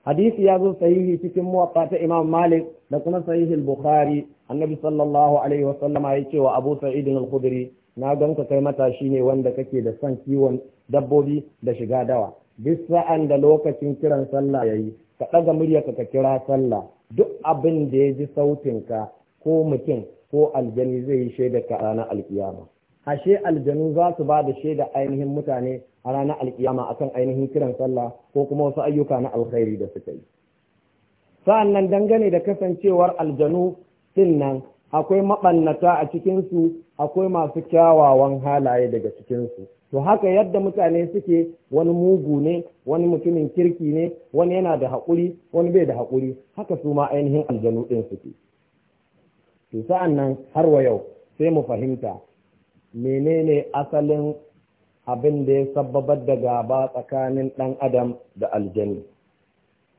hadisi ya zo sahihi cikin muwatta ta imam malik da kuma sahihil bukhari annabi sallallahu alaihi wasallama ya ce wa abu sa'id al-khudri na ka kai matashi ne wanda kake da son kiwon dabbobi da shiga dawa duk sa'an da lokacin kiran sallah yayi ka ɗaga muryarka ka kira sallah duk abin da ya ji sautinka ko mutum ko aljani zai yi shaida ka ranar alkiyama ashe aljanu za su ba da shaida ainihin mutane a ranar alkiyama akan ainihin kiran sallah ko kuma wasu ayyuka na alkhairi da suka yi sa'annan dangane da kasancewar aljanu din nan akwai maɓannata a cikinsu akwai masu kyawawan halaye daga cikinsu to haka yadda mutane suke wani mugu ne wani mutumin kirki ne wani yana da haƙuri wani bai da haƙuri haka su ma ainihin aljanu ɗin suke to sa'an nan har wa yau sai mu fahimta menene asalin abin da ya sababar da gaba tsakanin ɗan adam da aljani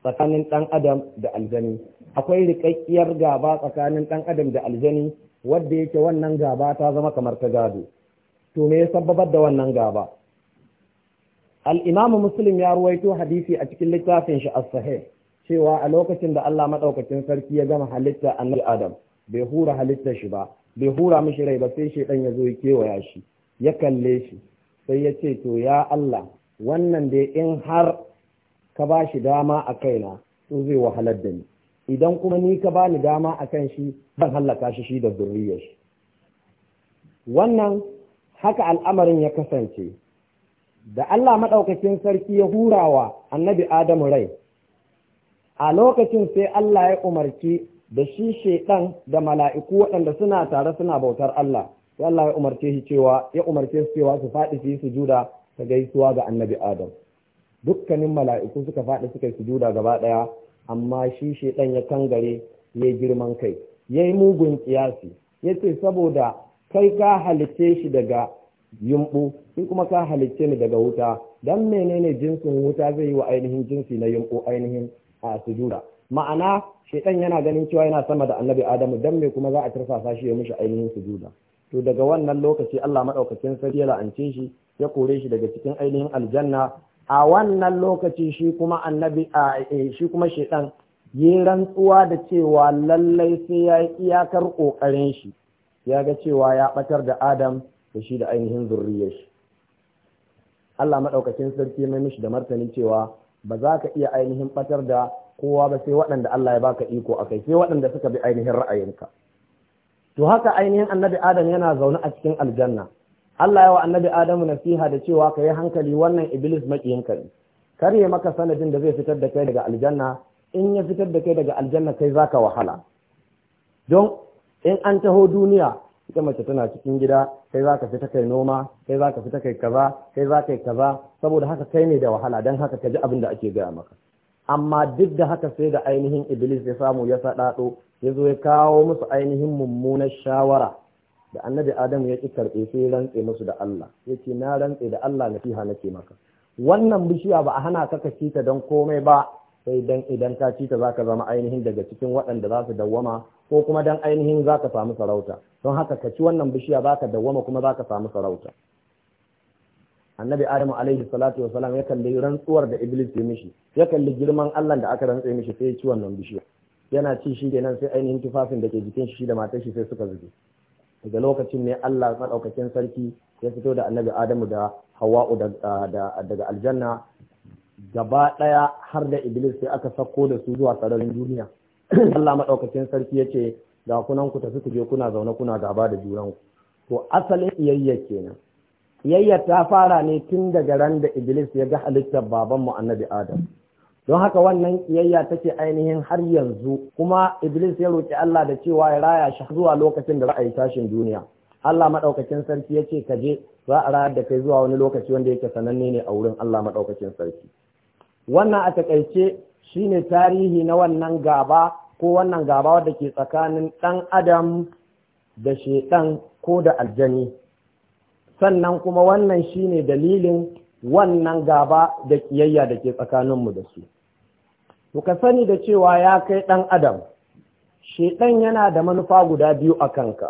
tsakanin ɗan adam da aljani akwai rikakkiyar gaba tsakanin ɗan adam da aljani wadda yake wannan gaba ta zama kamar ta gado to me ya sababar da wannan gaba al musulun muslim ya ruwaito hadisi a cikin littafin shi as cewa a lokacin da Allah maɗaukacin sarki ya gama halitta annabi adam bai hura halitta shi ba bai hura mishi rai ba sai shaidan ya zo ya kewaya shi ya kalle shi sai ya ce to ya Allah wannan da in har ka ba shi dama a kaina to zai wahalar da ni idan kuma ni ka ba ni dama a kan shi zan hallaka shi shi da zurriyar shi wannan haka al'amarin ya kasance da Allah maɗaukakin sarki ya hurawa annabi Adamu rai a lokacin sai Allah ya umarci da shi shaidan da mala'iku waɗanda suna tare suna bautar Allah sai Allah ya umarce shi cewa ya umarce su cewa su faɗi su yi sujuda ta gaisuwa ga annabi Adam dukkanin mala'iku suka faɗi suka yi sujuda gaba ɗaya amma shi shaidan ya kangare ya girman kai ya yi mugun kiyasi ya ce saboda kai ka halitce shi daga yumɓu sai kuma ka halitce ni daga wuta dan menene jinsin wuta zai yi wa ainihin jinsi na yumɓu ainihin a sujuda ma'ana shaitan yana ganin cewa yana sama da annabi adamu dan me kuma za a tarfasa shi ya mishi ainihin sujuda to daga wannan lokaci Allah madaukakin sarki ya la'ance shi ya kore shi daga cikin ainihin aljanna a wannan lokaci shi kuma annabi eh, shi kuma shaitan yi rantsuwa da cewa lallai sai ya yi iyakar ƙoƙarin shi ya ga cewa ya ɓatar da adam da shi da ainihin zurriyar shi Allah maɗaukacin sarki mai mishi da martani cewa ba za ka iya ainihin ɓatar da kowa ba sai waɗanda Allah ya baka iko a kai sai waɗanda suka bi ainihin ra'ayinka to haka ainihin annabi adam yana zaune a cikin aljanna Allah ya wa annabi adamu nasiha da cewa ka yi hankali wannan iblis maƙiyinka ne kar ya maka sanadin da zai fitar da kai daga aljanna in ya fitar da kai daga aljanna kai zaka wahala don in an taho duniya ita mace tana cikin gida kai za ka fita kai noma kai za ka fita kai kaza kai za ka yi kaza saboda haka kai ne da wahala don haka ka ji abin da ake gaya maka amma duk da haka sai da ainihin iblis ya samu ya saɗaɗo ya zo ya kawo musu ainihin mummunar shawara da annabi adam ya ki karɓe sai ya rantse musu da Allah ya na rantse da Allah na nasiha nake maka wannan bishiya ba a hana ka ka cita don komai ba sai dan idan ka cita za ka zama ainihin daga cikin waɗanda za su dawwama ko kuma dan ainihin zaka samu sarauta don haka ka ci wannan bishiya zaka dawwama kuma za ka samu sarauta annabi adamu alaihi salatu wa salam ya kalli rantsuwar da iblis ya mishi ya kalli girman allah da aka rantsa mishi sai ya ci wannan bishiyar yana ci shi kenan sai ainihin tufafin da ke jikin shi da matar shi sai suka zube daga lokacin ne allah maɗaukakin sarki ya fito da annabi adamu da hawa'u daga aljanna gaba ɗaya har da iblis sai aka sako da su zuwa sararin duniya allah maɗaukacin sarki ya ce ga kunan ku tafi ku je kuna zaune kuna gaba da ku? to asalin iyayya kenan kiyayyar ta fara ne tun daga ran da Iblis ya ga halittar babanmu annabi Adam. Don haka wannan kiyayya take ainihin har yanzu kuma Iblis ya roƙi Allah da cewa ya raya shi zuwa lokacin da za a yi tashin duniya. Allah maɗaukacin sarki ya ce ka je za a rayar da kai zuwa wani lokaci wanda yake sananne ne a wurin Allah maɗaukacin sarki. Wannan a taƙaice shine tarihi na wannan gaba ko wannan gaba wadda ke tsakanin ɗan adam da sheɗan ko da aljani. sannan kuma wannan shine dalilin wannan gaba da kiyayya da ke tsakaninmu da su to sani da cewa ya kai ɗan adam shedan yana da manufa guda biyu a kanka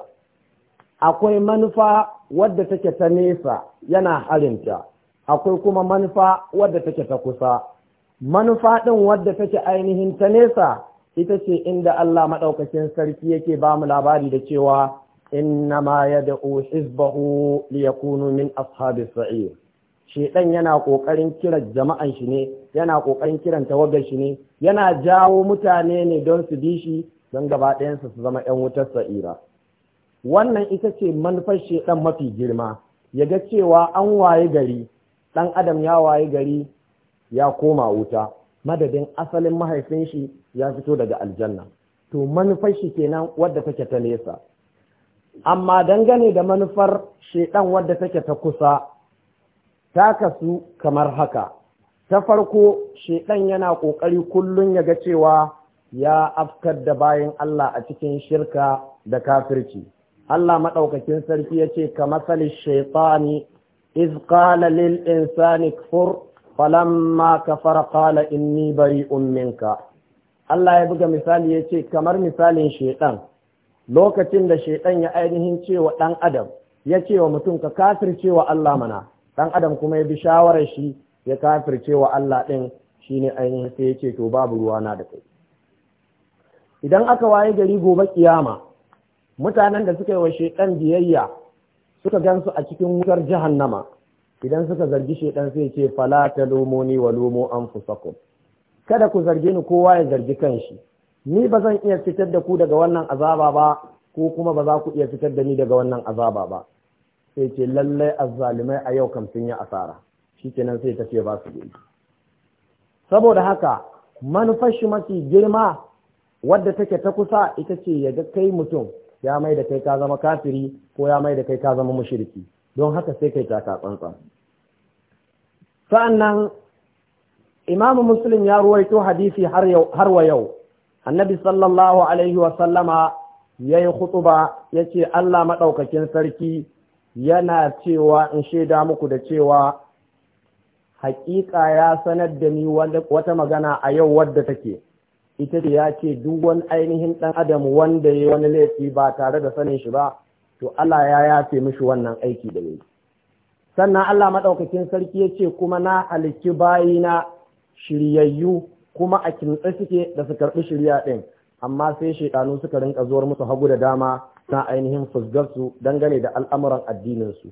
akwai manufa wadda take ta nesa yana harinta akwai kuma manufa wadda take ta kusa manufa ɗin wadda take ainihin ta nesa ita ce inda Allah maɗaukacin sarki yake ba mu labari da cewa innama yad'u hizbahu liyakunu min ashabis sa'ir shedan yana kokarin kiran jama'an shi ne yana kokarin kiran tawagar shi ne yana jawo mutane ne don su bi shi don gaba ɗayansu su zama 'yan wutar sa'ira wannan ita ce manufar shedan mafi girma ya ga cewa an waye gari ɗan adam ya waye gari ya koma wuta madadin asalin mahaifin shi ya fito daga aljanna to manufar shi kenan wadda take ta nesa amma dangane da manufar shaidan wadda take ta kusa ta kasu kamar haka ta farko shaidan yana kokari kullun ya ga cewa ya afkar da bayan Allah a cikin shirka da kafirci Allah madaukakin sarki yace kamar salil shaytani iz qala lil insani kfur falamma kafara qala inni bari'un minka Allah ya buga misali yace kamar misalin shaidan lokacin da shaidan ya ainihin cewa ɗan adam ya ce wa mutum ka kafirce wa Allah mana ɗan adam kuma ya bi shawarar shi ya kafirce wa Allah ɗin shi ne ainihin sai ya ce to babu ruwa na da kai idan aka waye gari gobe kiyama mutanen da suka yi wa shaidan biyayya suka gan su a cikin wutar jahannama idan suka zargi shaidan sai ce fala ta lomoni wa lomo an fusako. kada ku zarge ni kowa ya zargi kanshi ni ba zan iya fitar da ku daga wannan azaba ba ko kuma ba za ku iya fitar da ni daga wannan azaba ba sai ce lallai azzalumai a yau kam sun yi asara nan sai ta ce ba su goyi saboda haka manufar shi mafi girma wadda take ta kusa ita ce ya ga kai mutum ya mai da kai ka zama kafiri ko ya mai da kai ka zama mushriki don haka sai kai taka tsantsan sa'annan imamu muslim ya ruwaito hadisi har wa yau annabi sallallahu alaihi wasallama ya yi hutuba ya ce Allah maɗaukakin sarki yana cewa in shaida muku da cewa haƙiƙa ya sanar da ni wata magana a yau wadda take ita da ya ce duk wani ainihin ɗan adam wanda ya wani laifi ba tare da sanin shi ba to Allah ya yafe mishi wannan aiki da yayi sannan Allah maɗaukakin sarki ya ce kuma na halicci bayina shiryayyu kuma a kintsa suke da su karɓi shirya ɗin amma sai shaidanu suka rinka zuwar musu hagu da dama na ainihin fusgarsu dangane da al'amuran addininsu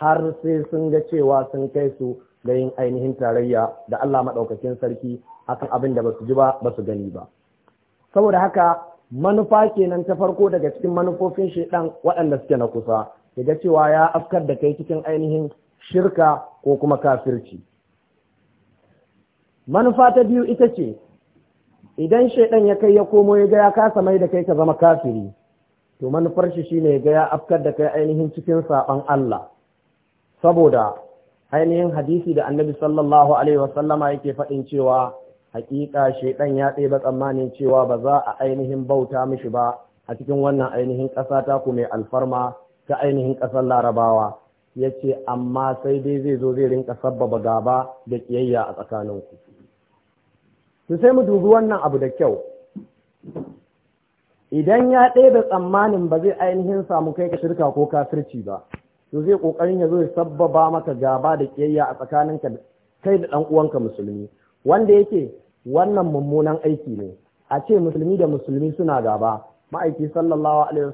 har sai sun ga cewa sun kai su da yin ainihin tarayya da Allah maɗaukakin sarki akan abin da basu ji ba basu gani ba saboda haka manufa kenan ta farko daga cikin manufofin shaidan waɗanda suke na kusa ya cewa ya afkar da kai cikin ainihin shirka ko kuma kafirci manufa ta biyu ita ce idan shaidan ya kai ya komo ya ga ya kasa mai da kai ka zama kafiri to manufar shi shine ga ya afkar da kai ainihin cikin saban Allah saboda ainihin hadisi da annabi sallallahu alaihi wasallama yake faɗin cewa hakika shaidan ya ba tsammanin cewa ba za a ainihin bauta mishi ba a cikin wannan ainihin ƙasa ta ku mai alfarma ta ainihin ƙasar larabawa yace amma sai dai zai zo zai rinka sabbaba gaba da ƙiyayya a tsakaninku Su sai mu dubi wannan abu da kyau idan ya ɗaya tsammanin ba zai ainihin samu kai ka shirka ko kafirci ba su zai ƙoƙarin ya zo ya sabbaba maka gaba da ƙiyayya a tsakaninka kai da ɗan uwanka musulmi wanda yake wannan mummunan aiki ne a ce musulmi da musulmi suna gaba ma'aiki sallallahu alaihi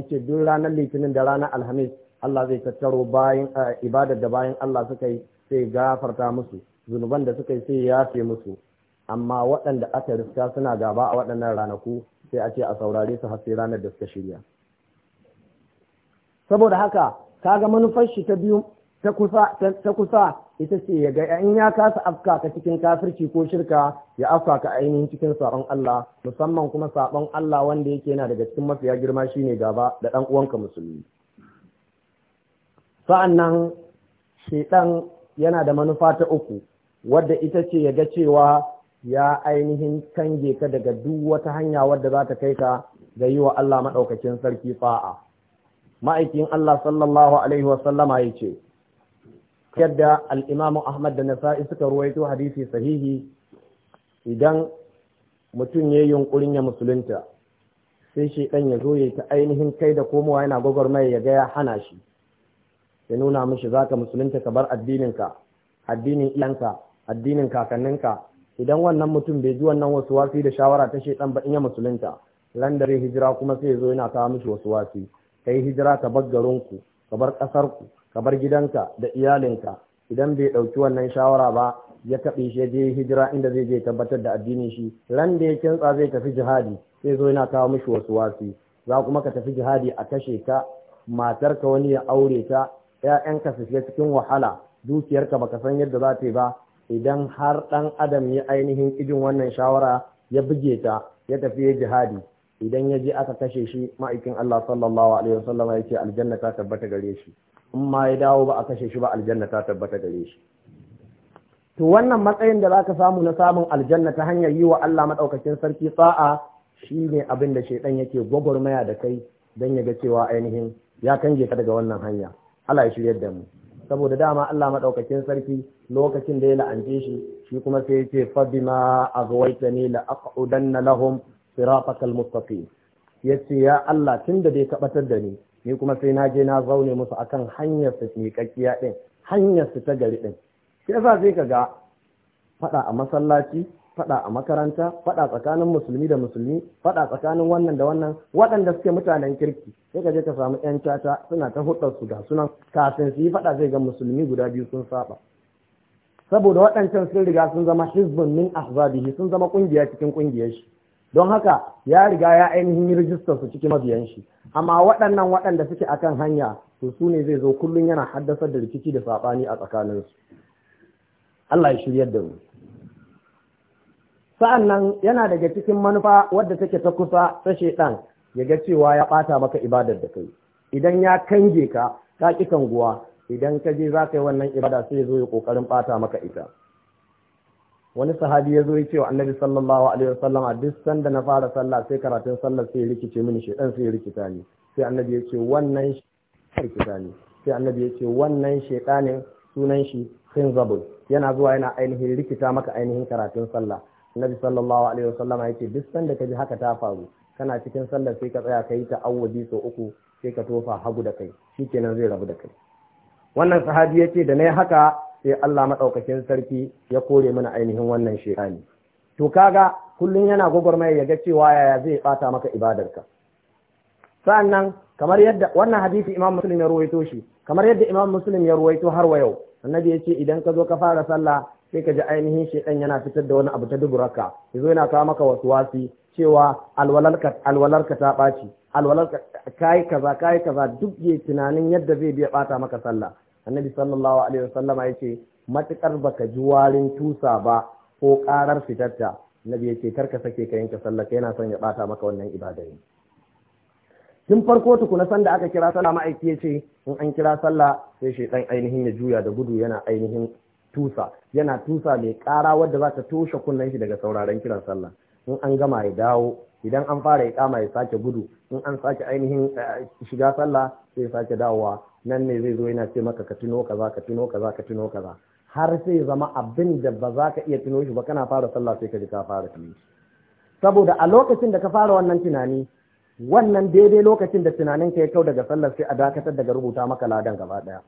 ya ce, duk ranar litinin da ranar alhamis Allah zai tattaro bayan eh, ibadar da bayan Allah suka yi sai gafarta musu zunuban da suka yi sai ya yafe musu amma waɗanda aka riska suna gaba a waɗannan ranaku sai a ce a saurare su har ranar da suka shirya saboda haka ka ga manufar shi ta biyu ta kusa ita ce ya ga in ya kasa afka ka cikin kafirci ko shirka ya afka ka ainihin cikin sabon Allah musamman kuma sabon Allah wanda yake yana daga cikin mafiya girma shine gaba da ɗan uwanka musulmi sa'annan shedan yana da manufa ta uku wadda ita ce ya ga cewa ya ainihin kange ka daga duk wata hanya wadda za ta kai ka ga yi wa Allah maɗaukacin sarki fa'a. Ma'aikin Allah sallallahu Alaihi wasallama ya ce, yadda al'imamu Ahmad da Nasa'i suka ruwaito hadisi sahihi idan mutum ya yi yunkurin ya musulunta, sai shi ɗan ya zo ya ta ainihin kai da komowa yana gwagwarmaya ya gaya hana shi, ya nuna mishi za ka musulunta ka bar addininka, addinin iyanka, addinin kakanninka, idan wannan mutum bai ji wannan wasu wasi da shawara ta shaidan ba in ya musulunta ran dare hijira kuma sai zo yana kawo mishi wasu wasi kai hijira ka bar garinku ka bar ku ka bar gidanka da iyalinka idan bai ɗauki wannan shawara ba ya taɓe shi je hijira inda zai je tabbatar da addinin shi ran da ya kintsa zai tafi jihadi sai zo yana kawo mishi wasu wasi za kuma ka tafi jihadi a kashe ka matar ka, wani ya aure ta ƴaƴanka su shiga cikin wahala dukiyarka baka san yadda za ta yi ba idan har ɗan adam ya ainihin ijin wannan shawara ya buge ta ya tafi ya jihadi idan ya je aka kashe shi ma'aikin Allah sallallahu alaihi wasallam ya ce aljanna ta tabbata gare shi in ma ya dawo ba a kashe shi ba aljanna ta tabbata gare shi to wannan matsayin da zaka samu na samun aljanna ta hanyar yi wa Allah madaukakin sarki sa'a shine abin da shedan yake gwagwarmaya da kai dan ya ga cewa ainihin ya kange ka daga wannan hanya Allah ya shiryar da mu saboda dama Allah madaukakin sarki lokacin da ya la'ance shi shi kuma sai yace fa bima aghwaytani la aqudanna lahum siratal mustaqim yace ya Allah tunda dai kabatar da ni ni kuma sai na je na zaune musu akan hanyar su kakkiya din hanyar su ta gari din shi yasa sai kaga fada a masallaci fada a makaranta fada tsakanin musulmi da musulmi fada tsakanin wannan da wannan waɗanda suke mutanen kirki sai ka je ka samu yan cata suna ta hudar su ga sunan kafin su yi fada zai ga musulmi guda biyu sun saba saboda waɗancan sun riga sun zama hizbun min ahzabihi sun zama ƙungiya cikin kungiyar shi don haka ya riga ya ainihin yi rijistar su cikin mabiyan shi amma waɗannan waɗanda suke akan hanya to su ne zai zo kullum yana haddasa da rikici da saɓani a tsakaninsu Allah ya shiryar da mu Sa'annan, yana daga cikin manufa wadda take ta kusa ta shaiɗan ya ga cewa ya ɓata maka ibadar da kai idan ya kange ka ka ƙi kanguwa idan ka je za ka yi wannan ibada sai zo ya kokarin bata maka ita wani sahabi ya zo ya ce wa annabi sallallahu alaihi wasallam a duk sanda na fara sallah sai karatun sallah sai rikice mini dan sai rikita ni sai annabi ya ce wannan shi rikita ni sai annabi ya ce wannan shedanin sunan shi khinzabul yana zuwa yana ainihin rikita maka ainihin karatun sallah annabi sallallahu alaihi wasallam ya ce duk sanda ka ji haka ta faru kana cikin sallar sai ka tsaya ka ta ta'awudi sau uku sai ka tofa hagu da kai shikenan zai rabu da kai wannan sahabi ya ce da na haka sai Allah maɗaukakin sarki ya kore mana ainihin wannan shekani to kaga kullum yana gwagwarmaya ya ga cewa yaya zai ɓata maka ibadarka sa'annan kamar yadda wannan hadisi imam muslim ya ruwaito shi kamar yadda imam muslim ya ruwaito har wa yau annabi ce idan ka zo ka fara sallah sai ka ji ainihin shekan yana fitar da wani abu ta duburarka zo yana kawo maka wasi cewa alwalarka ta ɓaci alwalarka yi kaza kaza duk yi tunanin yadda zai biya ɓata maka sallah annabi sallallahu alaihi wasallama yace matukar baka ji warin tusa ba ko karar fitarta annabi yace karka sake ka yanke sallah yana son ya bata maka wannan ibada ne tun farko tukuna sanda aka kira sallah ma'aiki yace in an kira sallah sai shedan ainihin ya juya da gudu yana ainihin tusa yana tusa mai kara wadda za ta toshe kunnen shi daga sauraron kiran sallah in an gama ya dawo idan an fara ya kama ya sake gudu in an sake ainihin eh, shiga sallah sai sake dawowa nan ne zai zo yana ce maka ka tuno kaza ka tuno kaza ka tuno kaza har sai zama abin da ba za ka iya tuno shi ba kana fara sallah sai ka ji ka fara tuno saboda a lokacin da ka fara wannan tunani wannan daidai lokacin da tunanin ka ya kau daga sallar sai a dakatar daga rubuta maka ladan gaba daya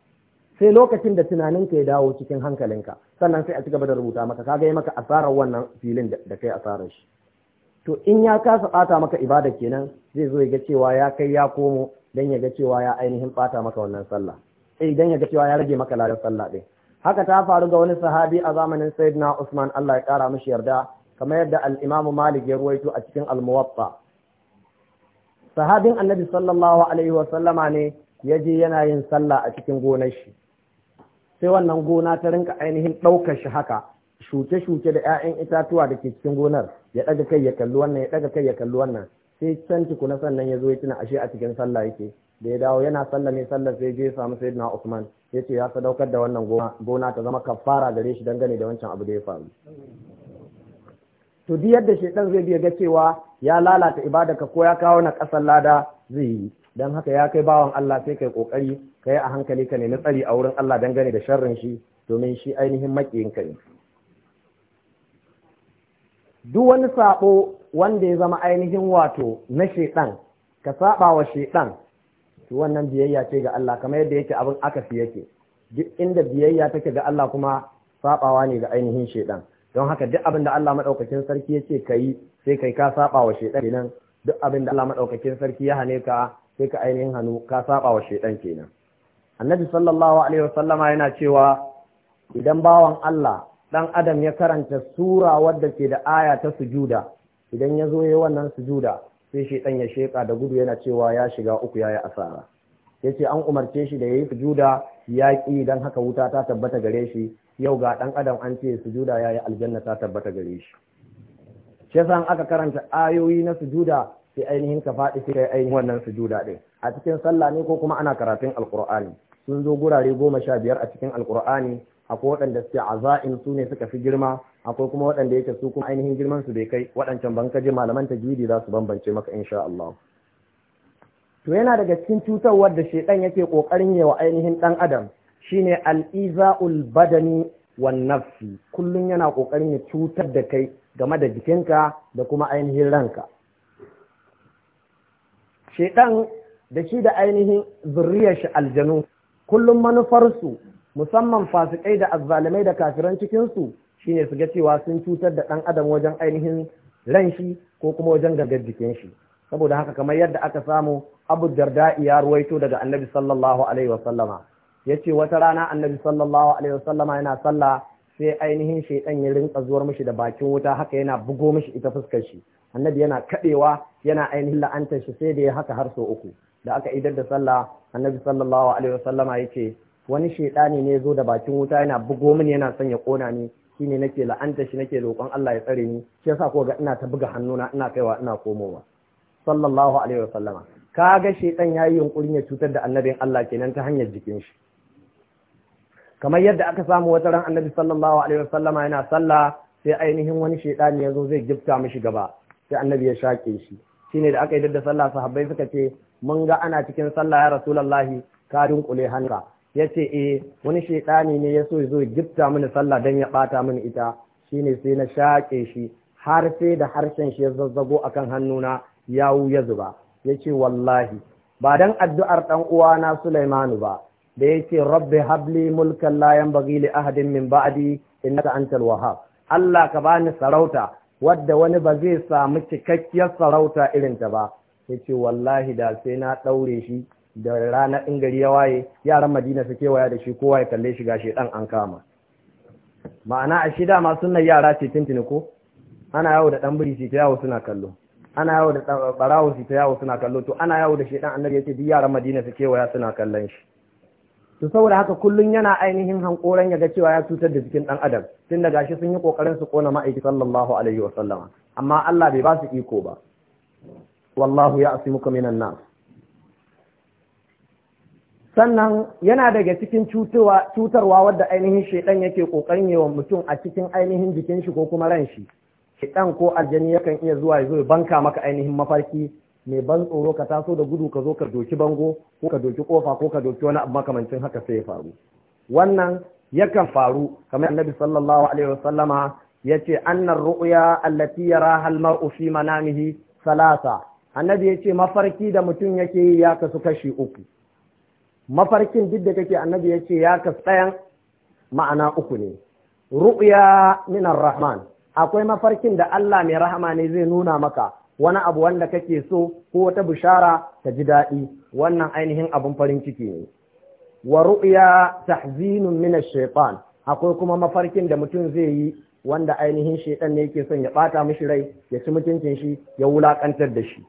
sai lokacin da tunanin ka ya dawo cikin hankalinka sannan sai a cigaba da rubuta maka kaga yi maka asarar wannan filin da kai asarar shi to in ya kasa bata maka ibada kenan zai zo ya ga cewa ya kai ya komo dan ya ga cewa ya ainihin bata maka wannan sallah sai eh, dan ya ga cewa ya rage maka ladan sallah din haka ta faru ga wani sahabi a zamanin sayyidina Usman Allah ya kara mishi yarda kamar yadda al-Imam Malik ya ruwaito a cikin al-Muwatta sahabin Annabi sallallahu alaihi wa sallama ne yaje yana yin sallah a cikin gonar shi sai wannan gona ta rinka ainihin ɗaukar shi haka shuke-shuke da 'ya'yan itatuwa da ke cikin gonar ya ɗaga kai ya kalli wannan ya ɗaga kai ya kalli wannan sai can tukuna sannan ya zo ya tuna ashe a cikin sallah yake da ya dawo yana sallah ne sallah sai je ya samu na Usman ya ce ya sadaukar da wannan gona ta zama kafara gare shi dangane da wancan abu da ya faru to duk yadda shedan zai biya ga cewa ya lalata ka ko ya kawo na kasar lada zai yi dan haka ya kai bawan Allah sai kai kokari kai a hankali ka nemi tsari a wurin Allah dangane da sharrin shi domin shi ainihin makiyin ka ne duk wani sabo wanda ya zama ainihin wato na shaiɗan ka saba wa shaiɗan to wannan biyayya ce ga Allah kamar yadda yake abin akasi yake duk inda biyayya take ga Allah kuma sabawa ne ga ainihin shaiɗan don haka duk abin da Allah madaukakin sarki yace yi, sai kai ka saba wa shaiɗan kenan duk abin da Allah madaukakin sarki ya hane ka sai ka ainihin hannu ka saba wa shaiɗan kenan annabi sallallahu alaihi wasallama yana cewa idan bawan Allah ɗan adam ya karanta sura wadda ke da aya ta sujuda idan ya zo ya wannan sujuda sai shi ɗan ya sheka da gudu yana cewa ya shiga uku ya yi asara Ya ce an umarce shi da ya yayi sujuda ya ƙi dan haka wuta ta tabbata gare shi yau ga ɗan adam an ce sujuda ya yi aljanna ta tabbata gare shi shi san aka karanta ayoyi na sujuda sai ainihin ka faɗi sai ainihin wannan sujuda din a cikin sallah ne ko kuma ana karatun Alƙur'ani? sun zo gurare goma sha biyar a cikin alƙur'ani akwai waɗanda suke aza'in su ne suka fi girma akwai kuma waɗanda yake su kuma ainihin girman su bai kai waɗancan banka kaje malaman gidi za su bambance maka insha Allah to yana daga cikin cutarwar da shedan yake kokarin yawa ainihin dan adam shine al-iza'ul badani wan nafsi kullun yana kokarin ya cutar da kai game da jikinka da kuma ainihin ranka shedan da shi da ainihin zurriyar shi aljanu kullum manufarsu musamman fasikai da azzalumai da kafiran cikinsu Shi ne su ga cewa sun cutar da ɗan adam wajen ainihin ran shi ko kuma wajen gangar jikin shi saboda haka kamar yadda aka samu abu darda'i ya ruwaito daga annabi sallallahu alaihi wasallama ya ce wata rana annabi sallallahu alaihi wasallama yana sallah sai ainihin shaidan ya rinka zuwar mishi da bakin wuta haka yana bugo mishi ita fuskar shi annabi yana kaɗewa yana ainihin la'antar shi sai da ya haka har sau uku da aka idar da sallah annabi sallallahu alaihi wasallama ya ce wani shaidani ne zo da bakin wuta yana bugo mini yana son ya kona ni Shi ne nake la'anta shi nake roƙon Allah ya tsare ni shi yasa ko ga ina ta buga hannuna ina kaiwa ina komowa sallallahu alaihi wasallama kaga shaytan yayi yunkurin ya cutar da annabin Allah kenan ta hanyar jikin shi kamar yadda aka samu wata ran annabi sallallahu alaihi wasallama yana sallah sai ainihin wani ya zo zai gifta mishi gaba sai annabi ya shake shi shine da aka yi da sallah sahabbai suka ce mun ga ana cikin sallah ya rasulullahi ka dunkule hanka ya ce eh wani shaidani ne ya so ya zo gifta mini sallah don ya ɓata mini ita shine sai na shaƙe shi har sai da harshen shi ya zazzago akan hannuna yawu ya zuba ya ce wallahi ba don addu'ar ɗan uwana Sulaimanu ba da ya ce rabbi habli mulkan layan bagi li ahadin min ba'di innaka antal wahhab Allah ka bani sarauta wadda wani ba zai samu cikakkiyar sarauta irin ta ba ya ce wallahi da sai na ɗaure shi da rana in gari ya waye yaran madina su kewaya da shi kowa ya kalle shi gashi dan an kama ma'ana a shida ma sunan yara ce tintini ko ana yawo da dan buri su ta yawo suna kallo ana yawo da barawo su ta yawo suna kallo to ana yawo da shi dan annabi yace duk yaran madina su kewaya suna kallon shi to saboda haka kullun yana ainihin hankoran ya ga cewa ya cutar da jikin dan adam tun da gashi sun yi kokarin su kona ma'aiki sallallahu alaihi wa sallama amma Allah bai ba su iko ba wallahu ya'simuka minan nas sannan yana daga cikin cutarwa wadda ainihin shaidan yake kokarin yawa mutum a cikin ainihin jikin shi ko kuma ran shi shaidan ko aljani yakan iya zuwa ya ya banka maka ainihin mafarki mai ban tsoro ka taso da gudu ka zo ka doki bango ko ka doki kofa ko ka doki wani abu makamancin haka sai ya faru wannan yakan faru kamar annabi sallallahu alaihi wasallama yace annar ru'ya allati yaraha almar'u fi manamihi salasa annabi yace mafarki da mutum yake yi ya kasu kashi uku mafarkin duk da kake annabi ya ce ya ka tsayan ma'ana uku ne ru'ya minar rahman akwai mafarkin da Allah mai rahama ne zai nuna maka wani abu wanda kake so ko wata bishara ta ji daɗi wannan ainihin abin farin ciki ne wa ru'ya tahzinun min ash akwai kuma mafarkin da mutum zai yi wanda ainihin shaiɗan ne yake son ya bata mishi rai ya ci mutuncin shi ya wulakantar da shi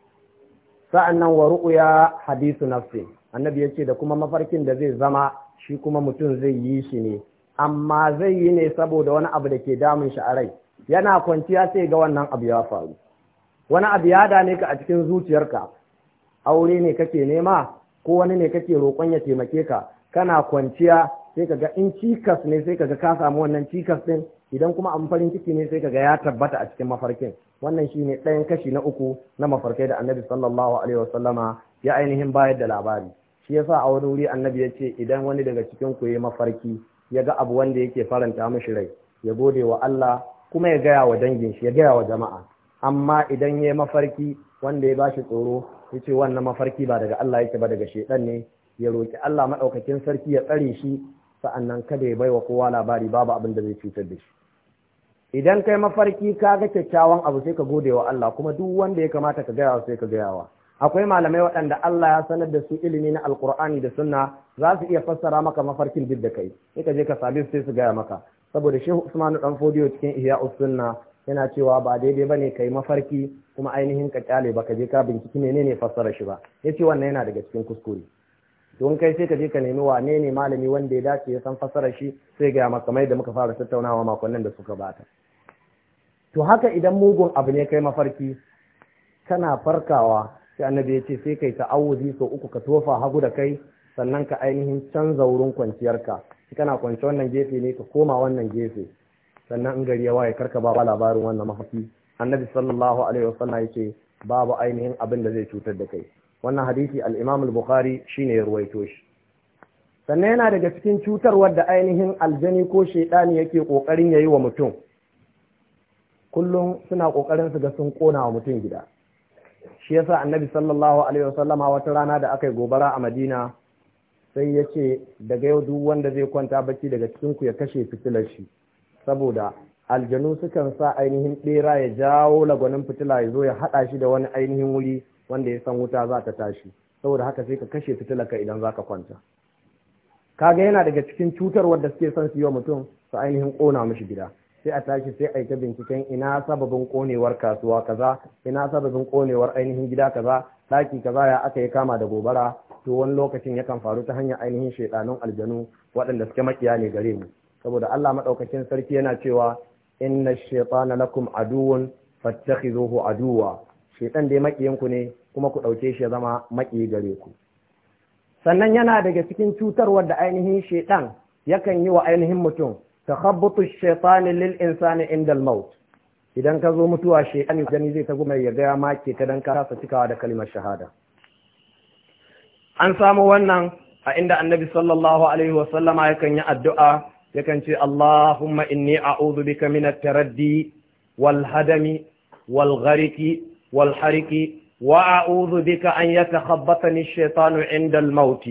sa'annan wa ru'ya hadithu nafsin annabi ya ce da kuma mafarkin da zai zama shi kuma mutum zai yi shi ne amma zai yi ne saboda wani abu da ke damun shi a rai yana kwanciya sai ga wannan abu ya faru wani abu ya dame ka a cikin zuciyarka aure ne kake nema ko wani ne kake roƙon ya taimake ka kana kwanciya sai ka ga in cikas ne sai ka ga ka samu wannan cikas din idan kuma an farin ciki ne sai ka ga ya tabbata a cikin mafarkin wannan shine ɗayan kashi na uku na mafarkai da annabi sallallahu alaihi wasallama ya ainihin bayar da labari shi yasa a wani wuri annabi ya ce idan wani daga cikin ku ya mafarki ya ga abu wanda yake faranta mashi rai ya gode wa Allah kuma ya gaya wa dangin shi ya gaya wa jama'a amma idan ya mafarki wanda ya bashi tsoro ya ce wannan mafarki ba daga Allah yake ba daga shedan ne ya roki Allah madaukakin sarki ya tsare shi sa'annan kada ya baiwa kowa labari babu abin da zai cutar da shi idan kai mafarki ka ga kyakkyawan abu sai ka gode wa Allah kuma duk wanda ya kamata ka gaya sai ka gaya wa akwai malamai waɗanda Allah ya sanar da su ilimi na alkur'ani da sunna za su iya fassara maka mafarkin duk da kai sai ka je ka sabi sai su gaya maka saboda shehu usmanu dan fodiyo cikin ihya sunna yana cewa ba daidai bane kai mafarki kuma ainihin ka kyale ba ka je ka binciki menene fassara shi ba yace wannan yana daga cikin kuskure don kai sai ka je ka nemi wane ne malami wanda ya dace ya san fassara shi sai ga maka mai da muka fara tattaunawa makonnin da suka bata to haka idan mugun abu ne kai mafarki kana farkawa sai annabi ya ce sai kai awuzi sau uku ka tofa hagu da kai sannan ka ainihin canza wurin kwanciyarka shi kana kwanci wannan gefe ne ka koma wannan gefe sannan in gari ya waye karka ba ba labarin wannan mafafi annabi sallallahu alaihi wasallam ce babu ainihin abin da zai cutar da kai wannan hadisi al-imam al-bukhari shine ya ruwaito shi sannan yana daga cikin cutarwar da ainihin aljani ko shaidani yake kokarin yayi wa mutum kullum suna kokarin su ga sun kona wa mutum gida shi yasa annabi sallallahu alaihi wasallama wata rana da aka gobara a madina sai yace ce daga yau duk wanda zai kwanta bacci daga cikinku ya kashe fitilar shi saboda aljanu sukan sa ainihin ɓera ya jawo lagwanin fitila ya zo ya haɗa shi da wani ainihin wuri wanda ya san wuta za ta tashi saboda haka sai ka kashe fitilar ka idan za ka kwanta kaga yana daga cikin cutar wadda suke son su yi wa mutum su ainihin ƙona mishi gida sai a tashi sai a yi ta binciken ina sababin konewar kasuwa kaza ina sababin konewar ainihin gida kaza ɗaki kaza ya aka yi kama da gobara to wani lokacin yakan faru ta hanyar ainihin shaidanun aljanu waɗanda suke makiya ne gare mu saboda Allah madaukakin sarki yana cewa inna shaytana lakum aduwwun fattakhizuhu aduwa shaitan dai makiyin ku ne kuma ku ɗauke shi ya zama makiyi gare ku sannan yana daga cikin cutarwar da ainihin shaitan yakan yi wa ainihin mutum takhabbutu shaitani lil insani inda al-maut idan ka zo mutuwa shaitani gani zai ta gumai ya gaya ma ke ka dan ka rasa cikawa da kalimar shahada an samu wannan a inda annabi sallallahu alaihi wa sallama yakan yi addu'a yakan ce Allahumma inni a'udhu bika min at-taraddi wal hadami wal ghariki wal hariki wa a'udhu bika an yatakhabbatani ash-shaytanu 'inda al-maut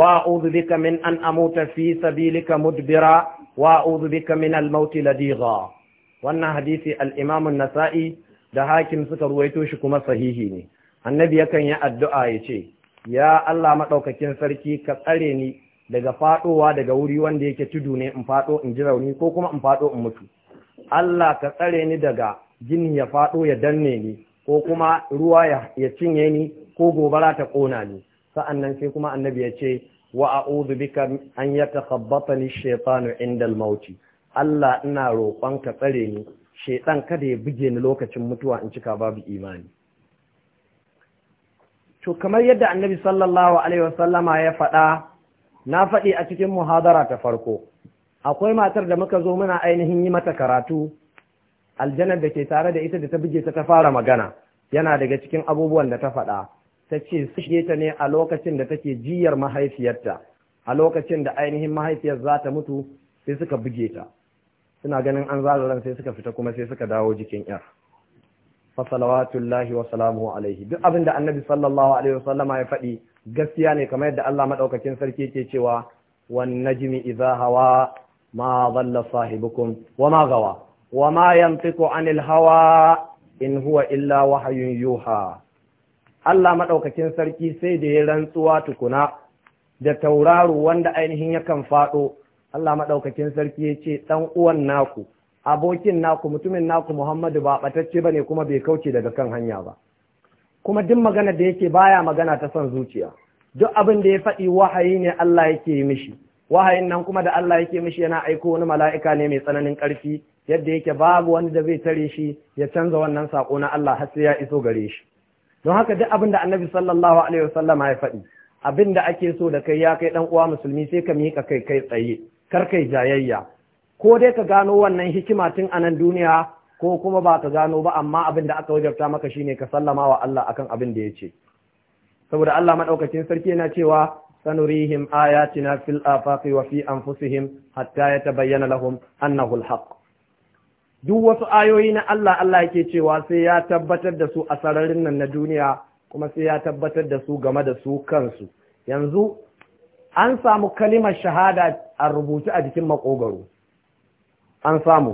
wa a'udhu bika min an amuta fi sabilika mudbira وأعوذ بك من الموت لديغا wannan hadisi al'imamun nasa'i da hakim suka ruwaito shi kuma sahihi ne annabi yakan yi addu'a ya ce ya Allah maɗaukakin sarki ka tsare ni daga faɗowa daga wuri wanda yake tudu ne in faɗo in ji rauni ko kuma in faɗo in mutu Allah ka tsare ni daga jini ya faɗo ya danne ni ko kuma ruwa ya cinye ni ko gobara ta ƙona ni sa'an nan sai kuma annabi ya ce wa a'udhu bika an yatakhabbatani shaytanu inda al-mauti Allah ina roƙon ka tsare ni shaytan kada ya buge ni lokacin mutuwa in cika babu imani to kamar yadda annabi sallallahu alaihi ya faɗa na faɗi a cikin muhadara ta farko akwai matar da muka zo muna ainihin yi mata karatu aljanar da ke tare da ita da ta buge ta ta fara magana yana daga cikin abubuwan da ta faɗa ta ce suke ta ne a lokacin da take jiyar mahaifiyarta a lokacin da ainihin mahaifiyar za ta mutu sai suka buge ta suna ganin an zalaran sai suka fita kuma sai suka dawo jikin yar fa salawatullahi wa salamuhu alaihi duk abin da annabi sallallahu alaihi wasallama ya faɗi gaskiya ne kamar yadda Allah madaukakin sarki yake cewa wan najmi idza hawa ma dhalla sahibukum wa ma gawa wa ma yantiqu anil hawa in huwa illa wahyun yuha Allah maɗaukakin sarki sai da ya rantsuwa tukuna da tauraro wanda ainihin yakan faɗo Allah maɗaukakin sarki ya ce ɗan uwan naku abokin naku mutumin naku Muhammadu ba ɓatacce ba ne kuma bai kauce daga kan hanya ba kuma duk magana da yake baya magana ta son zuciya duk abin da ya faɗi wahayi ne Allah yake mishi wahayin nan kuma da Allah yake mishi yana aiko wani mala'ika ne mai tsananin ƙarfi yadda yake babu wani da zai tare shi ya canza wannan saƙo na Allah har sai ya iso gare shi don haka duk abin da annabi sallallahu alaihi wasallam ya faɗi abin da ake so da kai ya kai dan uwa musulmi sai ka miƙa kai kai tsaye kar kai jayayya ko dai ka gano wannan hikima tun a nan duniya ko kuma ba ka gano ba amma abin da aka wajabta maka shine ka sallama wa Allah akan abin da ya ce. saboda Allah maɗaukacin sarki yana cewa sanurihim ayatina fil afaqi wa fi anfusihim hatta yatabayyana lahum annahu alhaq duk wasu ayoyi na Allah Allah yake cewa sai ya tabbatar da su a sararin nan na duniya kuma sai ya tabbatar da su game da su kansu yanzu an samu kalimar shahada a rubuce a jikin makogaro an samu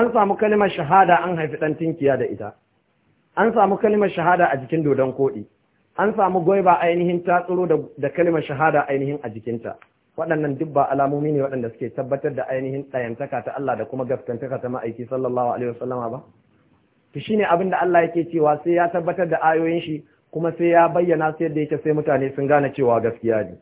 an samu kalimar shahada an haifi ɗan tinkiya da ita an samu kalimar shahada a jikin dodon koɗi an samu gwaiba ainihin ta da kalimar shahada ainihin a jikinta waɗannan duk ba alamomi ne waɗanda suke tabbatar da ainihin ɗayantaka ta Allah da kuma gaskantaka ta ma'aiki sallallahu alaihi wasallama ba to shine abin da Allah yake cewa sai ya tabbatar da ayoyin shi kuma sai ya bayyana su yadda yake sai mutane sun gane cewa gaskiya ne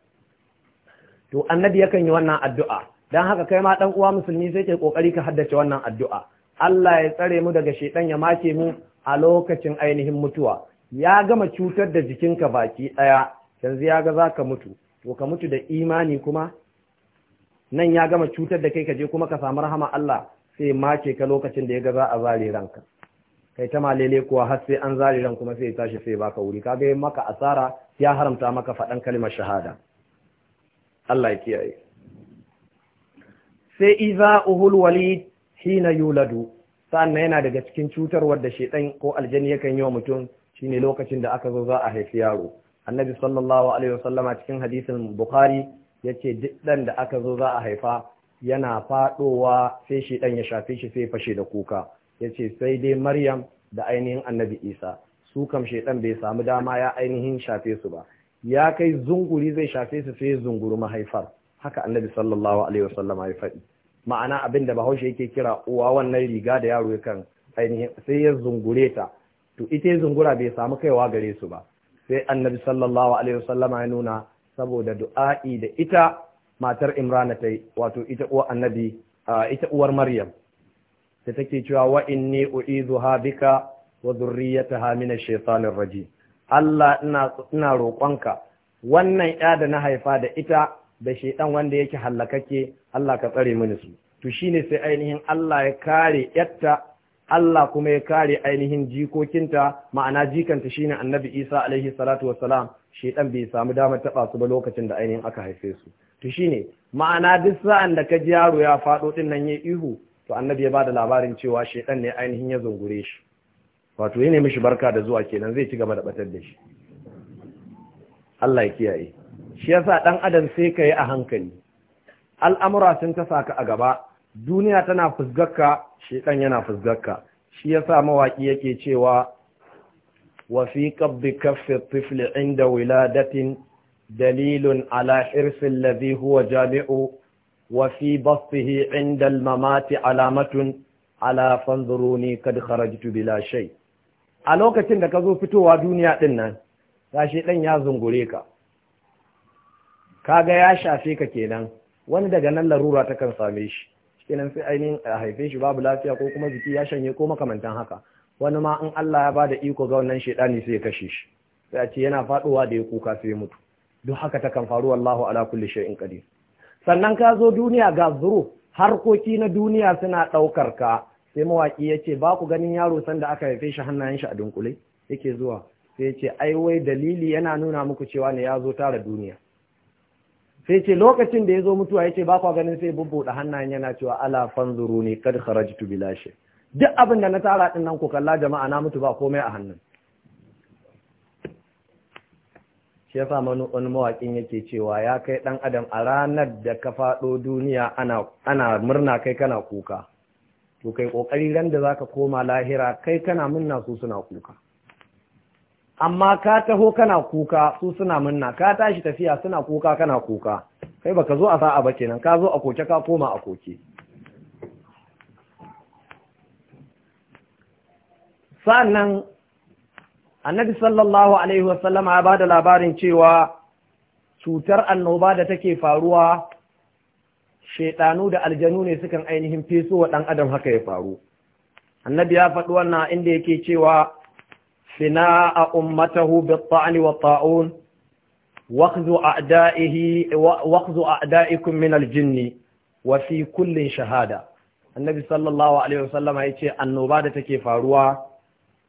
to annabi yakan yi wannan addu'a dan haka kai ma dan uwa musulmi sai ke kokari ka haddace wannan addu'a Allah ya tsare mu daga shedan ya mace mu a lokacin ainihin mutuwa ya gama cutar da jikinka baki daya yanzu ya ga zaka mutu to ka mutu da imani kuma nan ya gama cutar da kai ka je kuma ka samu rahama Allah sai mace ka lokacin da ya ga za a zare ranka kai ta malele kuwa har sai an zare ran kuma sai ya tashi sai baka wuri kaga yin maka asara ya haramta maka faɗan kalmar shahada Allah ya kiyaye sai iza uhul walid hina yuladu sannan yana daga cikin cutarwar da shedan ko aljani yakan yi wa mutum shine lokacin da aka zo za a haifi yaro annabi sallallahu alaihi a cikin hadisin bukhari yace duk ɗan da aka zo za a haifa yana faɗowa sai shi dan ya shafe shi sai fashe da kuka yace sai dai maryam da ainihin annabi isa su kam shedan bai samu dama ya ainihin shafe su ba ya kai zunguri zai shafe su sai zunguru mahaifar haka annabi sallallahu alaihi wasallam ya faɗi ma'ana abinda da bahaushe yake kira uwa wannan riga da yaro kan ainihin sai ya zungure ta to ita zungura bai samu kaiwa gare su ba sai annabi sallallahu alaihi wasallama ya nuna saboda du'a'i da ita matar imrana ta yi wato ita uwar annabi ita uwar maryam da take cewa wa inni u'izuha bika wa dhurriyyataha min ash-shaytanir rajim Allah ina ina roƙonka wannan ya da na haifa da ita da shaiɗan wanda yake hallakake Allah ka tsare mini su to shine sai ainihin Allah ya kare yatta Allah kuma ya kare ainihin jikokinta ma'ana jikanta shine annabi Isa alaihi salatu wassalam shedan bai samu damar taba su ba lokacin da ainihin aka haife su to shine ma'ana duk sa'an da ka ji yaro ya fado din nan yayi ihu to annabi ya bada labarin cewa shedan ne ainihin ya zungure shi wato yana mishi barka da zuwa kenan zai ci gaba da batar da shi Allah ya kiyaye shi yasa dan adam sai kayi a hankali al'amura sun tasa ka a gaba duniya tana fusgarka shekan yana fusgarka shi yasa mawaki yake cewa wa fi qabdi kaffi inda wiladatin dalilun ala hirsi huwa jami'u wa fi bastihi inda almamati alamatun ala fanzuruni kad kharajtu bila shay a lokacin da ka zo fitowa duniya ɗin nan ga shedan ya zungure ka kaga ya shafe ka kenan wani daga nan larura ta kan same shi kenan sai ainihin a haife shi babu lafiya ko kuma jiki ya shanye ko makamantan haka wani ma in Allah ya bada iko ga wannan shedani sai ya kashe shi sai a ce yana faduwa da ya kuka sai ya mutu duk haka ta kan faru wallahu ala kulli shay'in qadir sannan ka zo duniya ga zuru harkoki na duniya suna daukar ka sai mawaki yace ba ku ganin yaro sanda aka haife shi hannayen shi a dunkule yake zuwa sai yace ai wai dalili yana nuna muku cewa ne ya zo tara duniya sai ce lokacin da ya zo mutuwa ya ce ba kwa ganin sai da hannayen yana cewa ala fanzuru ne kad kharajtu bilashi lashe. duk abin da na tara din nan ku kalla jama'a na mutu ba komai a hannun shi yasa wani mawakin yake cewa ya kai dan adam a ranar da ka faɗo duniya ana murna kai kana kuka to kai kokari ran da zaka koma lahira kai kana murna su suna kuka amma ka taho kana kuka su suna munna ka tashi tafiya suna kuka kana kuka kai baka zo a sa'a ba kenan ka zo a koke ka koma a koke sannan annabi sallallahu alaihi wasallam ya bada labarin cewa cutar annoba da take faruwa shaiɗanu da aljanu ne sukan ainihin feso wa ɗan adam haka ya faru annabi ya faɗi wannan inda yake cewa فناء أمته بالطعن والطاعون واخذ أعدائه واخذ أعدائكم من الجن وفي كل شهادة النبي صلى الله عليه وسلم يتي النوبة تكي فاروا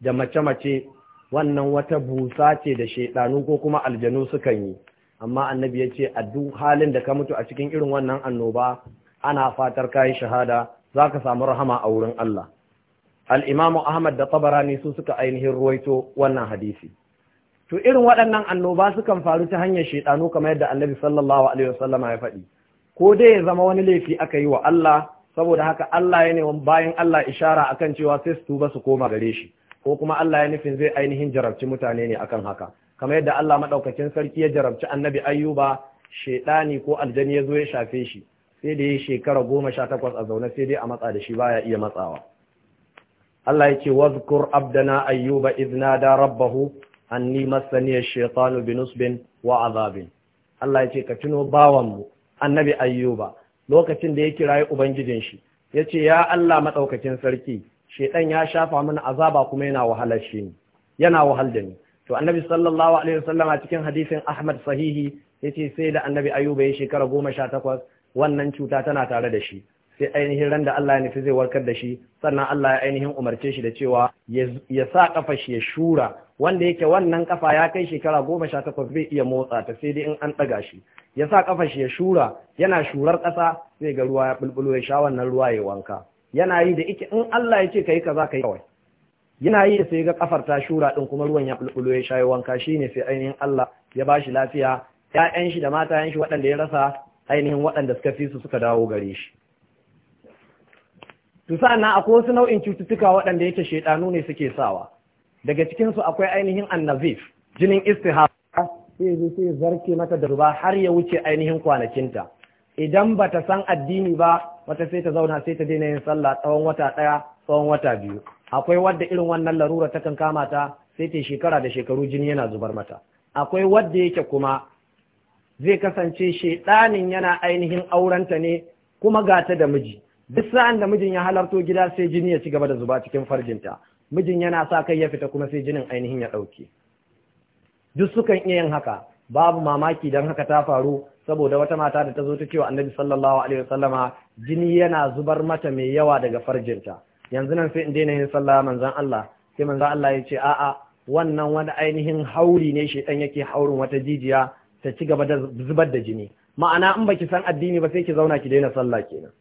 جمع mace wannan wata busa ce da shaidanu ko kuma aljanu sukan yi amma annabi ya ce a duk halin da ka mutu a cikin irin wannan annoba ana fatar kayi shahada za ka samu rahama a wurin Allah al'imamu Ahmad da tabarani su suka ainihin ruwaito wannan hadisi. To irin waɗannan annoba kan faru ta hanyar shaiɗanu kamar yadda annabi sallallahu alaihi wasallama ya faɗi. Ko dai ya zama wani laifi aka yi wa Allah saboda haka Allah ya nemi bayan Allah ishara akan cewa sai su tuba su koma gare shi ko kuma Allah ya nufin zai ainihin jarabci mutane ne akan haka. Kamar yadda Allah maɗaukakin sarki ya jarabci annabi Ayyuba shaiɗani ko aljani ya zo ya shafe shi sai da ya shekara goma sha takwas a zaune sai dai a matsa da shi baya iya matsawa. Allah ya ce wazkur abdana ayyuba izna da rabbahu anni masaniyar shaitanu binusbin wa azabin Allah ya ce ka tuno bawanmu annabi ayyuba lokacin da ya kirayi ubangijin shi ya ce ya Allah maɗaukakin sarki shaitan ya shafa mana azaba kuma yana wahalar shi ne yana wahal da ni to annabi sallallahu alaihi wasallama cikin hadisin ahmad sahihi ya ce sai da annabi ayyuba ya shekara goma sha takwas wannan cuta tana tare da shi sai ainihin ran da Allah ya nufi zai warkar da shi sannan Allah ya ainihin umarce shi da cewa ya sa kafa shi ya shura wanda yake wannan kafa ya kai shekara goma sha takwas bai iya motsa ta sai dai in an ɗaga shi ya sa kafa shi ya shura yana shurar ƙasa zai ga ruwa ya bulbulo ya sha wannan ruwa ya wanka yana yi da ike in Allah ya ce kai kaza kai kawai yana yi sai ga kafar ta shura ɗin kuma ruwan ya bulbulo ya sha ya wanka Shi shine sai ainihin Allah ya ba shi lafiya 'ya'yan shi da mata shi waɗanda ya rasa ainihin waɗanda suka fi su suka dawo gare shi to na akwai wasu nau'in cututtuka waɗanda yake shaidanu ne suke sawa daga cikin su akwai ainihin annazif jinin istihara sai zai sai zarke mata da ruba har ya wuce ainihin kwanakinta idan ba ta san addini ba wata sai ta zauna sai ta daina yin sallah tsawon wata ɗaya tsawon wata biyu akwai wadda irin wannan larura takan kama ta sai ta shekara da shekaru jini yana zubar mata akwai wadda yake kuma zai kasance shaidanin yana ainihin aurenta ne kuma gata da miji duk sa'an da mijin ya halarto gida sai jini ya ci gaba da zuba cikin farjinta mijin yana sa kai ya fita kuma sai jinin ainihin ya ɗauke duk sukan iya yin haka babu mamaki don haka ta faru saboda wata mata da ta zo ta cewa annabi sallallahu alaihi wasallama jini yana zubar mata mai yawa daga farjinta yanzu nan sai in daina yin sallah manzon Allah sai manzon Allah ya ce a'a wannan wani ainihin hauri ne shedan yake haurin wata jijiya ta ci gaba da zubar da jini ma'ana in baki san addini ba sai ki zauna ki daina sallah kenan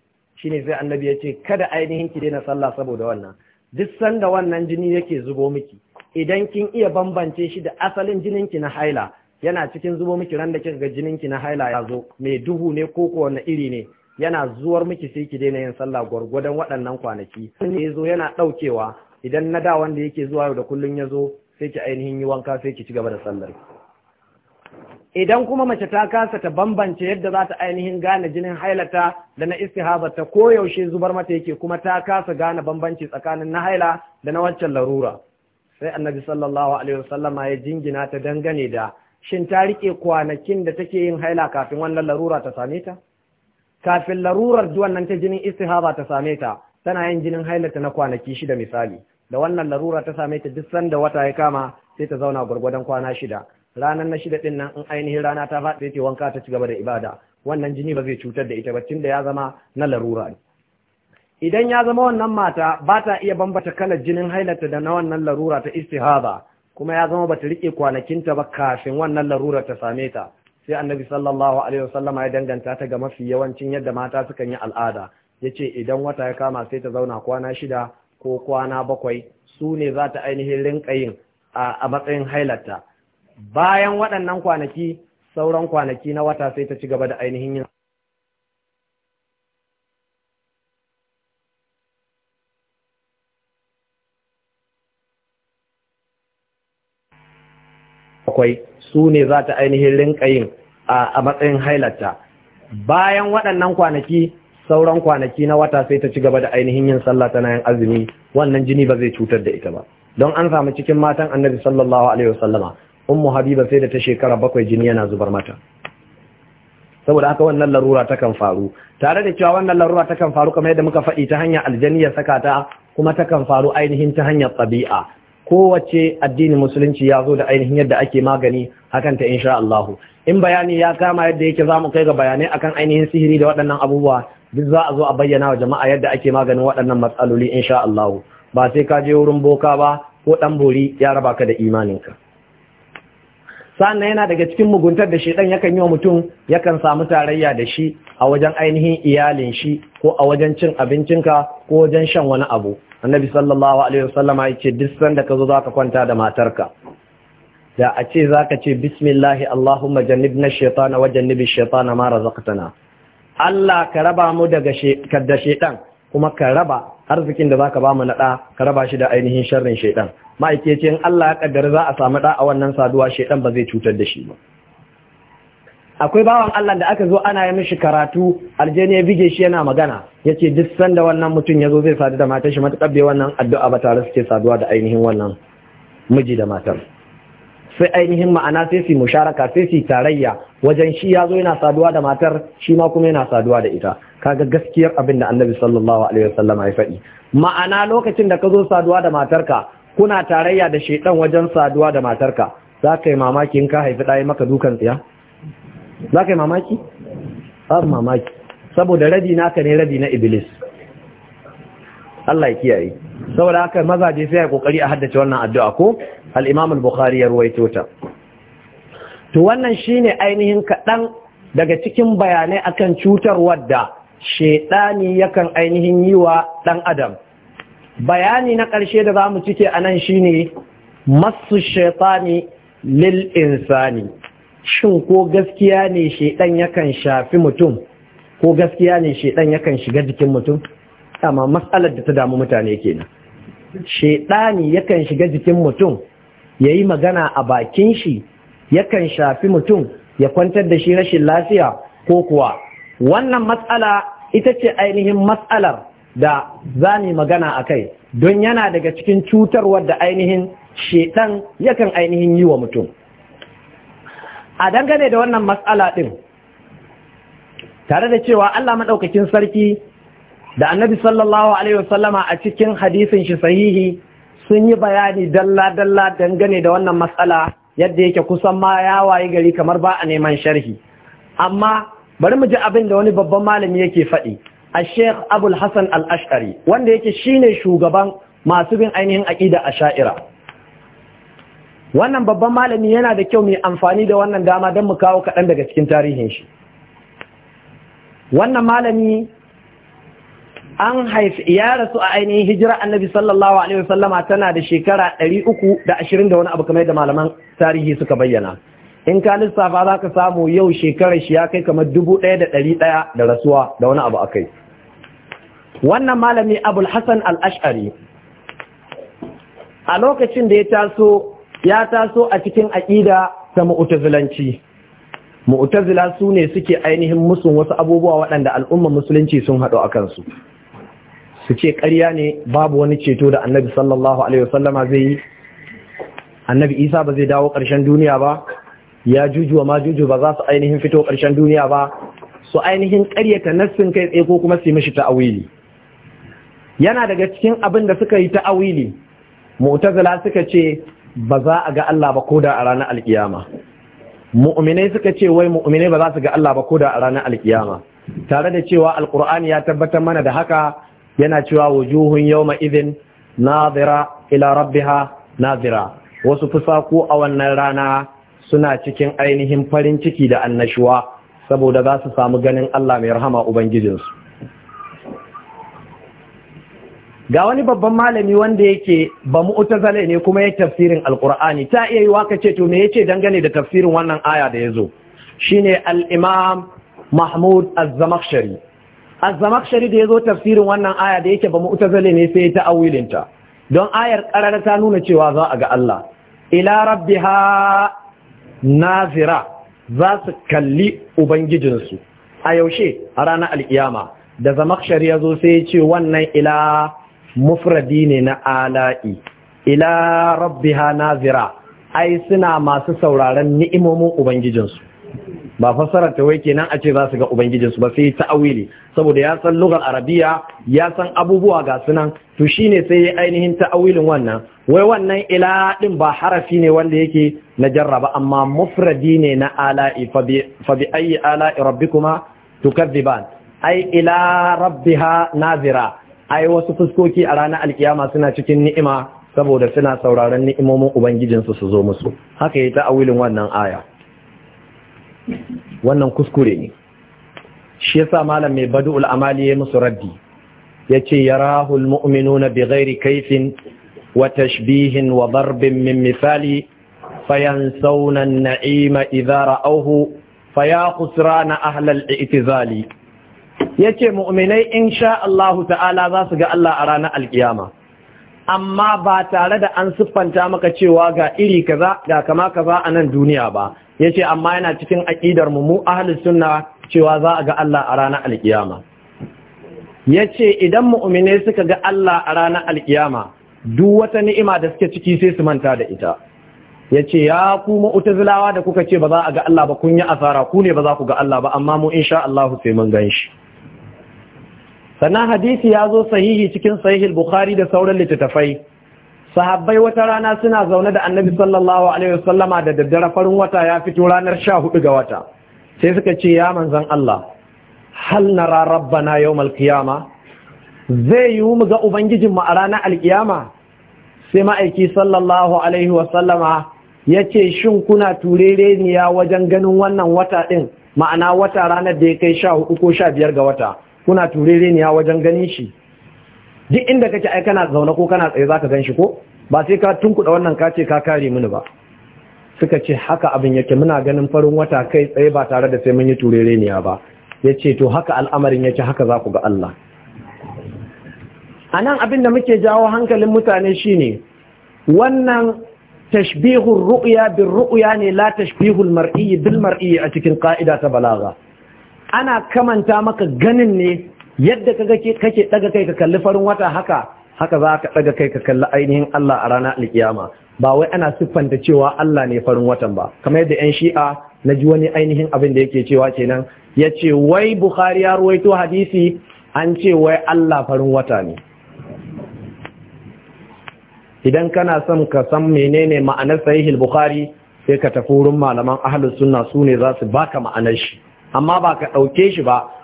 shine sai annabi ya ce kada ainihin ki daina sallah saboda wannan duk sanda wannan jini yake zubo miki idan kin iya bambance shi da asalin jinin ki na haila yana cikin zubo miki ran da kika ga jininki na haila ya zo mai duhu ne ko ko wani iri ne yana zuwar miki sai ki daina yin sallah gwargwadon waɗannan kwanaki sai ya zo yana ɗaukewa idan na da wanda yake zuwa yau da kullun ya zo sai ki ainihin yi wanka sai ki ci gaba da sallar idan kuma mace ta kasa ta bambance yadda za ta ainihin gane jinin hailata da na istihaba ta koyaushe zubar mata yake kuma ta kasa gane bambanci tsakanin na haila da na waccan larura sai annabi sallallahu alaihi ya jingina ta dangane da shin ta rike kwanakin da take yin haila kafin wannan larura ta same ta kafin larurar wannan ta jinin istihaba ta same ta tana yin jinin hailata na kwanaki shida misali da wannan larura ta same ta duk sanda wata ya kama sai ta zauna gwargwadon kwana shida ranar na shida din nan in ainihin rana ta faɗi ce wanka ta ci gaba da ibada wannan jini ba zai cutar da ita ba tun da ya zama na larura ne idan ya zama wannan mata ba ta iya bambata kalar jinin hailata da na wannan larura ta istihaba kuma ya zama ba ta riƙe kwanakinta ba kafin wannan larura ta same ta sai annabi sallallahu alaihi ya danganta ta ga mafi yawancin yadda mata sukan yi al'ada ya ce idan wata ya kama sai ta zauna kwana shida ko kwana bakwai su ne za ta ainihin rinka yin a matsayin hailata bayan waɗannan kwanaki sauran kwanaki na wata sai ta ci gaba da ainihin yin akwai su ne za ta ainihin rinƙayin a matsayin hailata bayan waɗannan kwanaki sauran kwanaki na wata sai ta ci gaba da ainihin yin sallah tana yin azumi wannan jini ba zai cutar da ita ba don an samu cikin matan annabi sallallahu alaihi wasallama ummu habiba sai da ta shekara bakwai jini yana zubar mata saboda haka wannan larura ta kan faru tare da cewa wannan larura ta kan faru kamar yadda muka faɗi ta hanyar aljani ya saka ta kuma ta kan faru ainihin ta hanyar tsabi'a. kowace addinin musulunci ya zo da ainihin yadda ake magani hakan ta insha Allah in bayani ya kama yadda yake za mu kai ga bayanai akan ainihin sihiri da waɗannan abubuwa duk za a zo a bayyana wa jama'a yadda ake maganin waɗannan matsaloli insha Allah ba sai ka je wurin boka ba ko ɗan bori ya raba ka da imaninka sannan yana daga cikin muguntar da shedan yakan yi wa mutum yakan samu tarayya da shi a wajen ainihin iyalin shi ko a wajen cin abincinka ko wajen shan wani abu annabi sallallahu alaihi wasallama yace duk sanda ka zo zaka kwanta da matarka da a ce zaka ce bismillah allahumma jannibna shaytana wa jannibi shaytana ma razaqtana Allah ka raba mu daga da kuma ka raba arzikin da zaka ba mu na ka raba shi da ainihin sharrin shaidan ma'aikacin Allah ya kaddara za a samu ɗa a wannan saduwa shaidan ba zai cutar da shi ba akwai bawan Allah da aka zo ana yi mishi karatu aljani ya bige shi yana magana ya ce duk sanda wannan mutum ya zo zai sadu da matar shi matuƙar bai wannan addu'a ba tare suke saduwa da ainihin wannan miji da matar sai ainihin ma'ana sai su musharaka sai su tarayya wajen shi ya zo yana saduwa da matar shi ma kuma yana saduwa da ita kaga gaskiyar abin da annabi sallallahu alaihi wasallam ya faɗi ma'ana lokacin da ka zo saduwa da matarka kuna tarayya da shaidan wajen saduwa da matarka za ka yi mamaki in ka haifi ɗaya maka dukan tsiya za ka yi mamaki babu mamaki saboda rabi naka ne rabi na iblis Allah ya kiyaye saboda haka mazaje sai ya kokari a haddace wannan addu'a ko al-Imam al-Bukhari ya ruwaito ta to wannan shine ainihin kadan daga cikin bayanai akan cutar wadda shedani yakan ainihin yi wa dan adam bayani na karshe da zamu cike anan shine masu shaytani lil insani shin ko gaskiya ne shedan yakan shafi mutum ko gaskiya ne shedan yakan shiga jikin mutum dama matsalar da ta damu mutane kenan shaiɗani yakan shiga jikin mutum ya yi magana a bakin shi yakan shafi mutum ya kwantar da shi rashin lafiya ko kuwa wannan matsala ita ce ainihin matsalar da za mu magana a kai don yana daga cikin cutarwar da ainihin shaiɗan yakan ainihin yi wa mutum a dangane da wannan matsala ɗin tare da cewa Allah maɗaukakin sarki da annabi sallallahu alaihi wasallama a cikin hadisin shi sahihi sun yi bayani dalla dalla dangane da wannan matsala yadda yake kusan ma ya wayi gari kamar ba a neman sharhi amma bari mu ji abin da wani babban malami yake faɗi a sheikh abul hassan al-ash'ari wanda yake shine shugaban masu bin ainihin aƙida a sha'ira wannan babban malami yana da kyau mai amfani da wannan dama don mu kawo kaɗan daga cikin tarihin shi wannan malami an haifi ya rasu a ainihin hijira annabi sallallahu alaihi wasallama tana da shekara 320 da wani abu kamar da malaman tarihi suka bayyana in ka lissafa za ka samu yau shekarar shi ya kai kamar 1100 da rasuwa da wani abu akai wannan malami abul hasan al-ash'ari a lokacin da ya taso ya taso a cikin aƙida ta mu'tazilanci mu'tazila su ne suke ainihin musun wasu abubuwa waɗanda al'ummar musulunci sun haɗu a kansu su ce karya ne babu wani ceto da annabi sallallahu alaihi wasallama zai yi annabi isa ba zai dawo ƙarshen duniya ba ya juju wa juju ba za su ainihin fito ƙarshen duniya ba su ainihin ƙaryata nassin kai tsaye ko kuma su yi mishi ta'awili yana daga cikin abin da suka yi ta'awili mu'tazila suka ce ba za a ga Allah ba koda a ranar alkiyama mu'minai suka ce wai mu'minai ba za su ga Allah ba koda a ranar alkiyama tare da cewa alkur'ani ya tabbatar mana da haka yana cewa wujuhun yawma idhin nadira ila rabbiha nadira wasu fusaku a wannan rana suna cikin ainihin farin ciki da annashuwa saboda za su samu ganin Allah mai rahama ubangijinsu ga wani babban malami wanda yake ba utazale ne kuma ya tafsirin alqur'ani ta iya yi waka ce to me ce dangane da tafsirin wannan aya da ya zo? shine al-imam mahmud az-zamakhshari az da da zo tafsirin wannan aya da yake ba utazale ne sai ta awilinta don ayar karara ta nuna cewa za a ga Allah ila rabbiha nazira za su kalli ubangijinsu a yaushe a ranar alkiyama da zamakshar ya zo sai ce wannan ila mufradi ne na ala'i ila rabbiha nazira ai suna masu sauraron ni'imomin ubangijinsu ba fassara ta wai kenan a ce za su ga ubangijin su ba sai ta'awili saboda ya san lugar arabiya ya san abubuwa ga sunan to shine sai ya ainihin ta'awilin wannan wai wannan ila din ba harafi ne wanda yake na jarraba amma mufradi ne na ala'i fa bi ayi ala'i rabbikuma tukadziban ai ila rabbiha nazira ai wasu fuskoki a ranar alkiyama suna cikin ni'ima saboda suna sauraron ni'imomin ubangijinsu su zo musu haka yi ta'awilin wannan aya wannan kuskure ne shi yasa malam mai badul amali ya musu raddi yace yarahu na bigairi kaifin wa tashbihin wa darbin min misali fayansawna an-na'ima idza ra'awhu faya khusrana ahla al-i'tizali yace mu'minai insha Allah ta'ala za su ga Allah a ranar alkiyama amma ba tare da an siffanta maka cewa ga iri kaza ga kama kaza a nan duniya ba Ya ce amma yana cikin aƙidar mu mu ahalin sunna cewa za a ga Allah a ranar Ya ce idan mu'umine suka ga Allah a ranar alƙiyama, duk wata ni'ima da suke ciki sai su manta da ita Ya ce ya ku mu'tazilawa da kuka ce ba za a ga Allah ba kun yi asara ku ne ba za ku ga Allah ba amma mu sha Allah sai mun gan shi sannan hadisi ya zo sahihi cikin sahihil bukhari da sauran littattafai sahabbai wata rana suna zaune da annabi sallallahu alaihi wasallama da daddare farin wata ya fito ranar sha hudu ga wata sai suka ce ya manzan Allah hal nara rabbana yawmal qiyama zai yi mu ga ubangijin mu a ranar alkiyama sai ma'aiki sallallahu alaihi wasallama ya shin kuna turere ne wajen ganin wannan wata din ma'ana wata ranar da ya kai sha hudu ko sha biyar ga wata kuna turere wajen ganin shi duk inda kake ai kana zauna ko kana tsaye zaka ganshi ko ba sai ka tunkuda wannan ka ce ka kare mini ba suka ce haka abin yake muna ganin farin wata kai tsaye ba tare da sai mun yi turere ne ba yace to haka al'amarin yake haka za ku ga Allah anan abin da muke jawo hankalin mutane shine wannan tashbihur ru'ya bil ru'ya ne la tashbihul mar'i bil mar'i a cikin qa'ida ta balaga. ana kamanta maka ganin ne yadda ka kake daga kai ka kalli farin wata haka haka za ka daga kai ka kalli ainihin Allah a ranar alkiyama ba wai ana siffanta cewa Allah ne farin watan ba kamar yadda yan shi'a na ji wani ainihin abin da yake cewa kenan ya ce wai bukhari ya ruwaito hadisi an ce wai Allah farin wata ne idan kana son ka san menene ma'anar sahihul bukhari sai ka tafi wurin malaman ahlus sunna su ne za su baka ma'anar shi amma ba ka ɗauke shi ba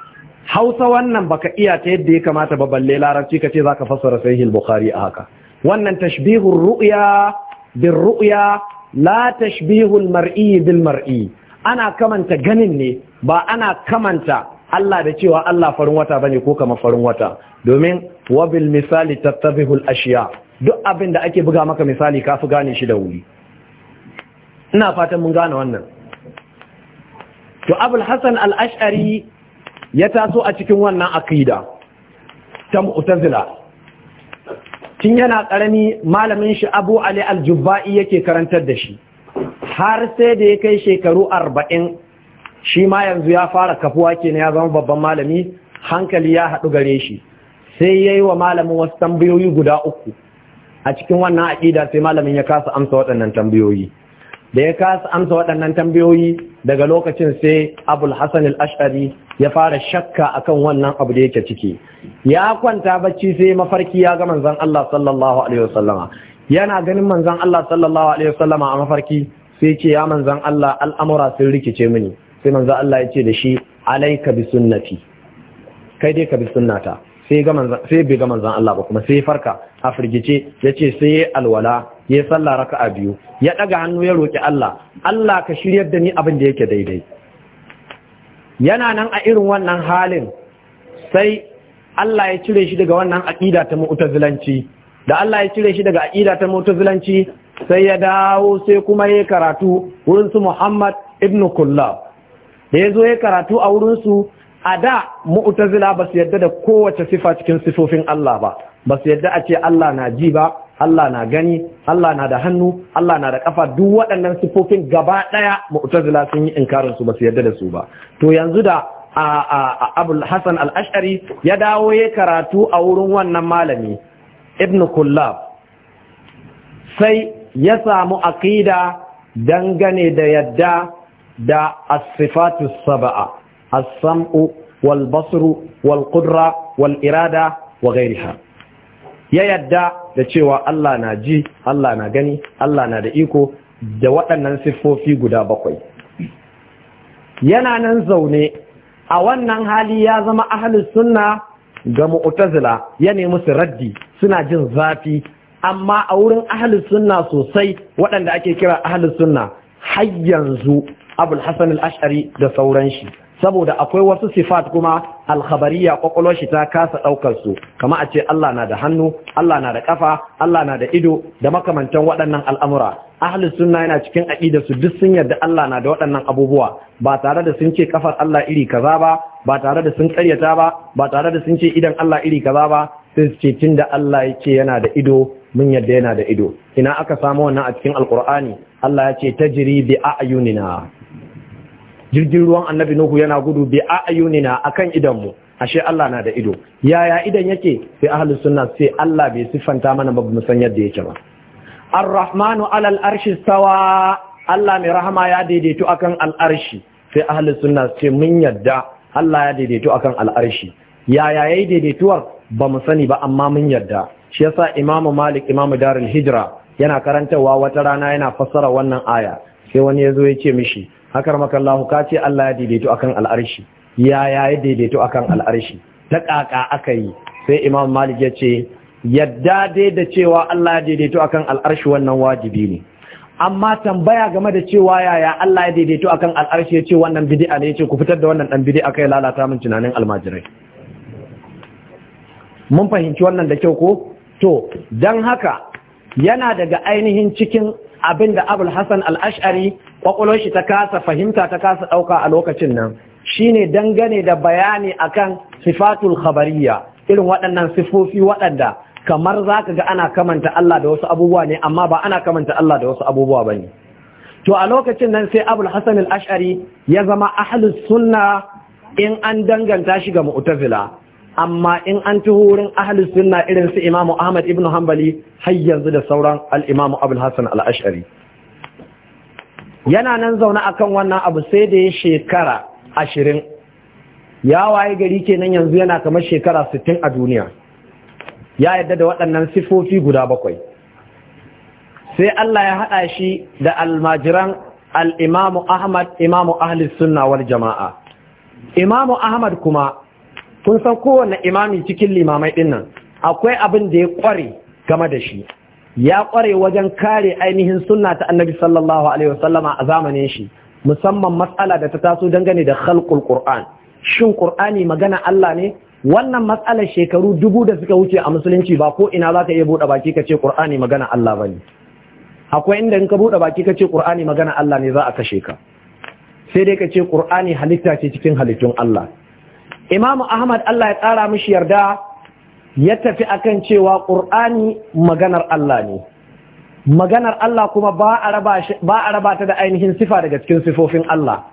hausa wannan baka iya ta yadda ya kamata ba balle larabci kace zaka fassara sahih bukhari a haka wannan tashbihun ru'ya bin ru'ya la tashbihul mar'i bil mar'i ana kamanta ganin ne ba ana kamanta Allah da cewa Allah farin wata bane ko kamar farin wata domin wabil misali tattabihul ashiya duk abin da ake buga maka misali ka gane shi da wuri ina fatan mun gane wannan to abul hasan al-ash'ari ya taso a cikin wannan aqida ta mu'tazila tun yana karami malamin shi Abu Ali al-Jubba'i yake karantar da shi har sai da ya kai shekaru 40 shi ma yanzu ya fara kafuwa kenan ya zama babban malami hankali ya haɗu gare shi sai yayi wa malamin wasu tambayoyi guda uku a cikin wannan aqida sai malamin ya kasa amsa waɗannan tambayoyi da ya kasa amsa waɗannan tambayoyi daga lokacin sai abul hasan al-ash'ari ya fara shakka akan wannan abu da yake ciki ya kwanta bacci sai mafarki ya ga manzon Allah sallallahu alaihi wasallama yana ganin manzon Allah sallallahu alaihi wasallama a mafarki sai ce ya manzon Allah al'amura sun rikice mini sai manzon Allah ya ce da shi alayka bi sunnati kai dai ka bi sunnata sai ga manzon sai bai ga manzon Allah ba kuma sai farka a firgice yace sai alwala ya salla raka'a biyu ya daga hannu ya roki Allah Allah ka shiryar da ni abin da yake daidai yana nan a irin wannan halin sai Allah ya cire shi daga wannan aƙida ta mu'tazilanci da Allah ya cire shi daga aƙida ta mu'tazilanci sai ya dawo sai kuma ya karatu wurin su Muhammad ibn Kullab da ya ya karatu a wurin su a da mu'tazila ba su yadda da kowace sifa cikin sifofin Allah ba ba su yadda a ce Allah na ji ba Allah na gani Allah na da hannu Allah na da kafa duk waɗannan sifofin gaba ɗaya mu'tazila sun yi inkarin su ba su yarda da su ba to yanzu da Abul Hassan Al-Ash'ari ya dawo ya karatu a wurin wannan malami Ibn Kullab sai ya samu aqida dangane da yadda da as-sifatu sab'a as-sam'u wal basru wal qudra wal irada wa ghayriha ya yadda da cewa Allah na ji Allah na gani Allah na da iko da waɗannan siffofi guda bakwai yana nan zaune a wannan hali ya zama ahalus sunna ga mu'tazila ya nemi su raddi suna jin zafi amma a wurin ahalus sunna sosai waɗanda ake kira ahalus sunna har yanzu abul hasan al-ash'ari da sauran shi saboda akwai wasu sifat kuma alkhabariya kwakwalwar shi ta kasa ɗaukar su kama a ce Allah na da hannu Allah na da kafa Allah na da ido da makamantan waɗannan al'amura ahlus sunna yana cikin aqida su duk sun yarda Allah na da waɗannan abubuwa ba tare da sun ce kafar Allah iri kaza ba ba tare da sun karyata ba ba tare da sun ce idan Allah iri kaza ba sai ce tunda Allah yake yana da ido mun yarda yana da ido ina aka samu wannan a cikin alqur'ani Allah ya ce tajri bi a'yunina jirgin ruwan annabi nuhu yana gudu bi a ayunina akan mu ashe Allah na da ido yaya idan yake sai ahlus sunna sai Allah bai siffanta mana ba mu san yadda yake ba arrahmanu alal arshi sawa Allah mai rahama ya daidaito akan al'arshi sai ahlus sunna sai mun yadda Allah ya daidaito akan al'arshi yaya yayi daidaituwar ba mu sani ba amma mun yadda shi yasa imamu malik imamu darul hijira yana karantawa wata rana yana fassara wannan aya sai wani ya zo ya ce mishi akar makallahu ka ce Allah ya daidaito akan al'arshi ya ya ya daidaito akan al'arshi ta kaka aka yi sai imam malik ya ce yadda dai da cewa Allah ya daidaito akan al'arshi wannan wajibi ne amma tambaya game da cewa yaya Allah ya daidaito akan al'arshi ya ce wannan bid'a ne ya ce ku fitar da wannan dan bid'a kai lalata min tunanin almajirai mun fahimci wannan da kyau ko to dan haka yana daga ainihin cikin abinda da abul ashari ashari kwakwalon shi ta kasa fahimta ta kasa ɗauka a lokacin nan shine dangane da bayani akan sifatul khabariya irin waɗannan sifofi waɗanda kamar za ka ga ana kamanta Allah da wasu abubuwa ne amma ba ana kamanta Allah da wasu abubuwa ba ne to a lokacin nan sai abul Hassan al-ash'ari ya zama ahlus sunna in an danganta shi ga mu'tazila amma in an tuhu wurin ahlus sunna irin su imam ahmad ibn hanbali har yanzu da sauran al imam abul Hassan al-ash'ari yana nan zaune kan wannan abu sai da ya shekara ashirin ya waye gari kenan yanzu yana kamar shekara sittin a duniya ya yadda da waɗannan sifofi guda bakwai sai Allah ya haɗa shi da almajiran al'imamu Ahmad imamu ahli sunna wal jama'a imamu Ahmad kuma kun san kowane imami cikin limamai ɗinnan akwai abin da ya ƙware game da shi ya ƙware wajen kare ainihin sunna ta annabi sallallahu alaihi wasallama a zamanin shi musamman matsala da ta taso dangane da khalqul qur'an shin qur'ani magana Allah ne wannan matsalar shekaru dubu da suka wuce a musulunci ba ko ina zaka iya buɗe baki kace qur'ani magana Allah bane akwai inda in ka buɗe baki kace qur'ani magana Allah ne za a kashe ka sai dai kace qur'ani halitta ce cikin halittun Allah Imam Ahmad Allah ya tsara mishi yarda ya tafi akan cewa ƙur'ani maganar Allah ne maganar Allah kuma ba a raba ta da ainihin sifa daga cikin sifofin Allah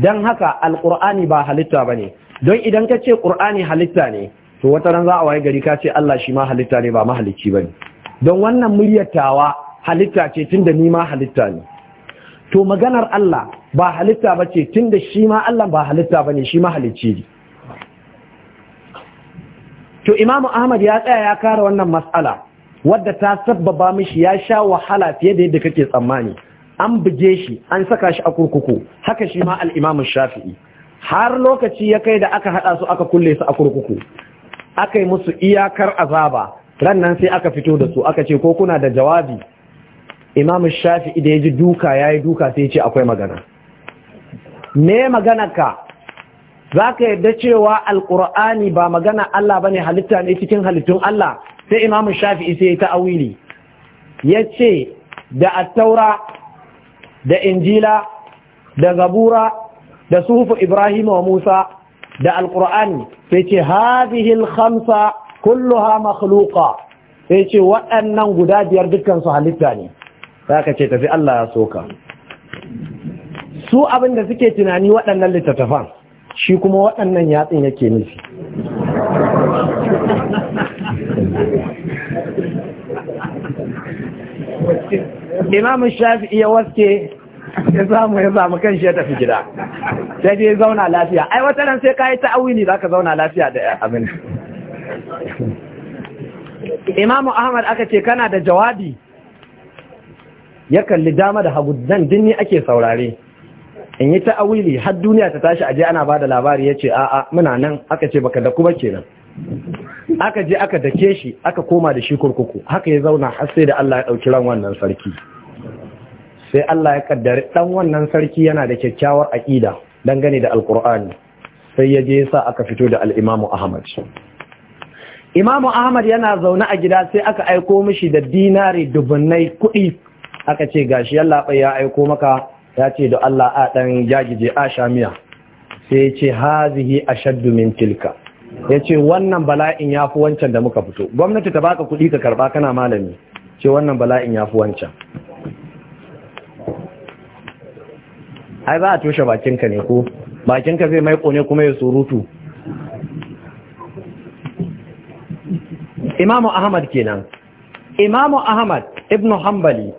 don haka alƙur'ani ba halitta ba ne don idan ka ce ƙur'ani halitta ne to wata ran za a waye gari ka ce Allah shi ma halitta ne ba mahalicci ba ne don wannan muryatawa halitta ce tun da ni ma halitta ne to maganar Allah ba halitta ba ce tun da shi ma Allah ba halitta ba ne shi mahalicci ne to imamu ahmad ya tsaya ya kara wannan matsala. wadda ta sabbaba mishi ya sha wahala fiye da yadda kake tsammani an buge shi an saka shi a kurkuku haka shi ma al'imamun shafi'i har lokaci ya kai da aka haɗa su aka kulle su a kurkuku aka yi musu iyakar azaba ran nan sai aka fito da su aka ce ko kuna da jawabi imamun shafi'i da ya ji duka ya yi duka sai ce akwai magana me magana ka za ka yarda cewa alƙur'ani ba magana Allah ba ne halitta ne cikin halittun Allah sai imamun shafi'i sai ta awili ya ce da attaura da injila da zabura da sufu ibrahim wa musa da alƙur'ani sai ce hazihil khamsa kulluha makhluqa sai ce waɗannan guda biyar dukkansu halitta ne za ka ce tafi Allah ya soka su abin da suke tunani waɗannan littattafan shi kuma waɗannan yatsun yake nufi imamu shafi'i ya waske ya samu ya samu kan shi ya tafi gida sai dai zauna lafiya ai wata sai ka yi ta'awili za ka zauna lafiya da abin imamu ahmad aka ce kana da jawabi ya kalli dama da hagu dan dinni ake saurare in yi ta'awili har duniya ta tashi aje ana bada labari ya ce a'a muna nan aka ce baka da kuma kenan aka je aka dake shi aka koma da shi kurkuku haka ya zauna har sai da Allah ya dauki ran wannan sarki sai Allah ya kaddari dan wannan sarki yana da kyakkyawar aqida dangane da alqur'ani sai ya je sa aka fito da al-Imam Ahmad Imam Ahmad yana zaune a gida sai aka aiko mishi da dinari dubunnai kuɗi aka ce gashi Allah ya aiko maka ta ce da Allah a ɗan jajije a shamiya sai ce hazihi a shaddu min tilka ya ce wannan bala'in ya fi wancan da muka fito gwamnati ta baka kuɗi ka karɓa kana malami ce wannan bala'in ya fi wancan ai za a toshe bakinka ne ko bakinka zai maiko ne kuma ya surutu imamu ahmad kenan imamu ahmad ibnu hanbali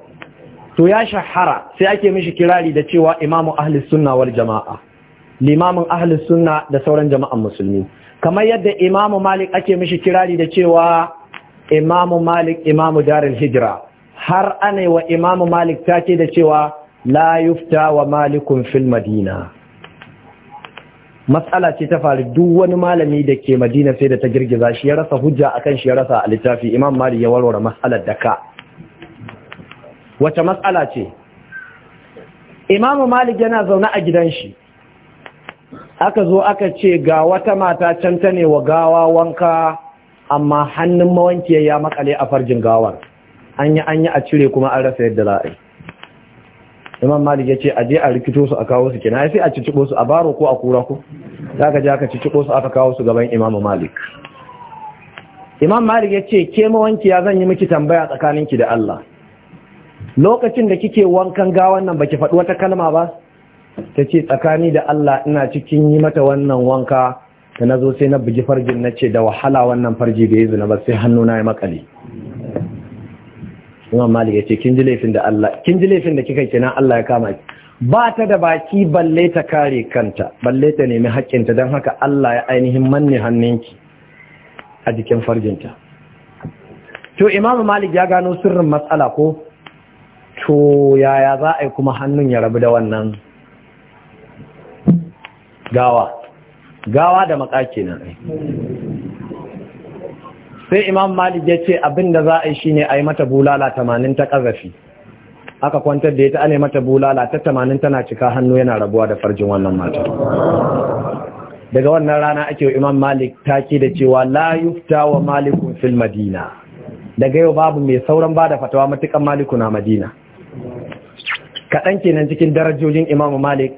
to ya shahara sai ake mishi kirari da cewa imamu ahli sunna wal jama'a limamin ahli sunna da sauran jama'an musulmi kamar yadda imamu malik ake mishi kirari da cewa imamu malik imamu darul hijra har anai wa imamu malik take da cewa la yufta wa malikun fil madina matsala ce ta faru duk wani malami da ke madina sai da ta girgiza shi ya rasa hujja akan shi ya rasa a littafi imam malik ya warware matsalar da ka wace matsala ce imamu malik yana zaune a gidan shi aka zo aka ce ga wata mata can ta ne wa gawa wanka amma hannun mawanki ya makale a farjin gawar an yi an yi a cire kuma an rasa yadda za a yi imam malik ya ce a je a rikito su a kawo su kina sai a cicciko su a baro ko a kura ko za ka je aka cicciko su aka kawo su gaban imam malik imam malik ya ce ke mawanki ya zan yi miki tambaya tsakaninki da allah lokacin da kike wankan gawan nan baki faɗi wata kalma ba ta ce tsakani da Allah ina cikin yi mata wannan wanka da na zo sai na bugi farjin na ce da wahala wannan farji da ya zina ba sai hannu na ya makale imam malik ya ce kin ji laifin da Allah kin ji laifin da kika kina Allah ya kama ki ba ta da baki balle ta kare kanta balle ta nemi ta, don haka Allah ya ainihin manne hannunki a jikin farjinta to imam malik ya gano sirrin matsala ko to yaya za a yi kuma hannun ya rabu da wannan gawa gawa da makaki na sai imam malik ya ce abinda za a yi shine a yi mata bulala tamanin ta ƙazafi aka kwantar da ya ta mata bulala ta tamanin tana cika hannu yana rabuwa da farjin wannan matar daga wannan rana ake wa imam malik ke da cewa la yufta wa malikun fil madina daga yau babu mai sauran ba da fatawa matukan Malikuna madina kaɗan kenan cikin darajojin imamu malik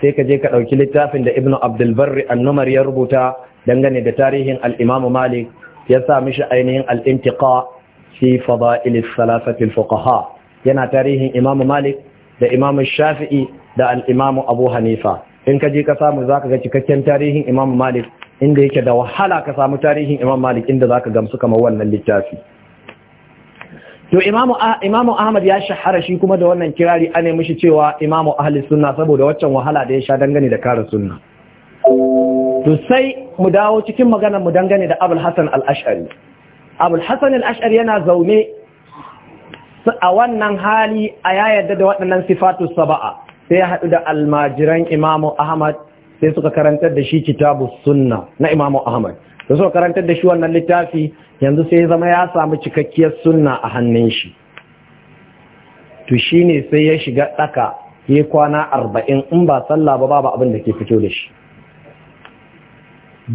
sai ka je ka ɗauki littafin da ibnu abdulbarri annumar ya rubuta dangane da tarihin al'imamu malik ya sa mishi ainihin al'intiƙa fi fada'ilis salafatil fuqaha yana tarihin imamu malik da imamu shafi'i da al'imamu abu hanifa in ka je ka samu za ka ga cikakken tarihin imamu malik inda yake da wahala ka samu tarihin imam malik inda za ka gamsu kamar wannan littafi to imamu ahmad ya shahara shi kuma da wannan kirari ana mishi cewa imamu ahli sunna saboda waccan wahala da ya sha dangane da kare sunna to sai mu dawo cikin maganar mu dangane da abul hasan al-ash'ari abul hasan al-ash'ari yana zaune a wannan hali a ya yarda da waɗannan sifatu saba'a sai ya haɗu da almajiran imamu ahmad sai suka karantar da shi kitabu sunna na imamu ahmad da so karantar da shi wannan littafi yanzu sai ya zama ya samu cikakkiyar sunna a hannun shi to shi ne sai ya shiga tsaka ya kwana arba'in in ba sallah ba babu abin da ke fito da shi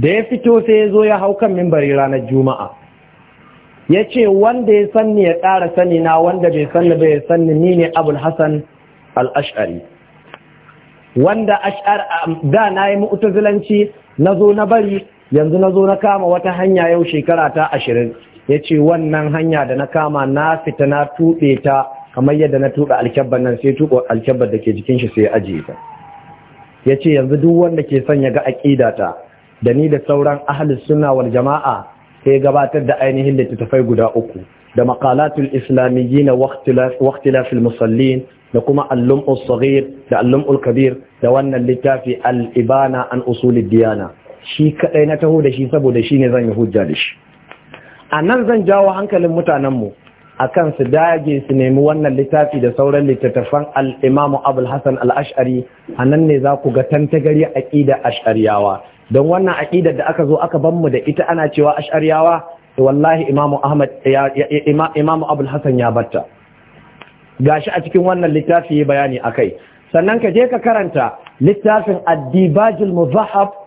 da ya fito sai ya zo ya hau kan mimbari ranar juma'a ya ce wanda ya sanni ya ƙara sani na wanda bai sanni bai ya sanni ni ne abul hassan al'ash'ari wanda da na yi mu'tazilanci na zo na bari yanzu na zo na kama wata hanya yau shekara ta ashirin ya ce wannan hanya da na kama na fita na tuɓe ta kamar yadda na tuɓe alkyabban nan sai tuɓe alkyabban da ke jikin shi sai ya ajiye ta ya ce yanzu duk wanda ke son ya ga aƙida ta da ni da sauran ahalus sunna wal jama'a sai gabatar da ainihin littattafai guda uku da maqalatul islamiyyin wa ikhtilafil musallin da kuma Allum lumus da Allum Ul kabir da wannan littafi al-ibana an usulid diyana shi kadai na taho da shi saboda shi ne zan yi hujja da shi a nan zan jawo hankalin mutanenmu a kan su dage su nemi wannan littafi da sauran littattafan al'imamu abul hassan al'ashari a nan ne za ku ga tantagari a ƙida ashariyawa don wannan aƙidar da aka zo aka ban mu da ita ana cewa ashariyawa wallahi imamu abul hassan ya batta gashi a cikin wannan littafi bayani a kai. sannan ka je ka karanta littafin addibajul muzahab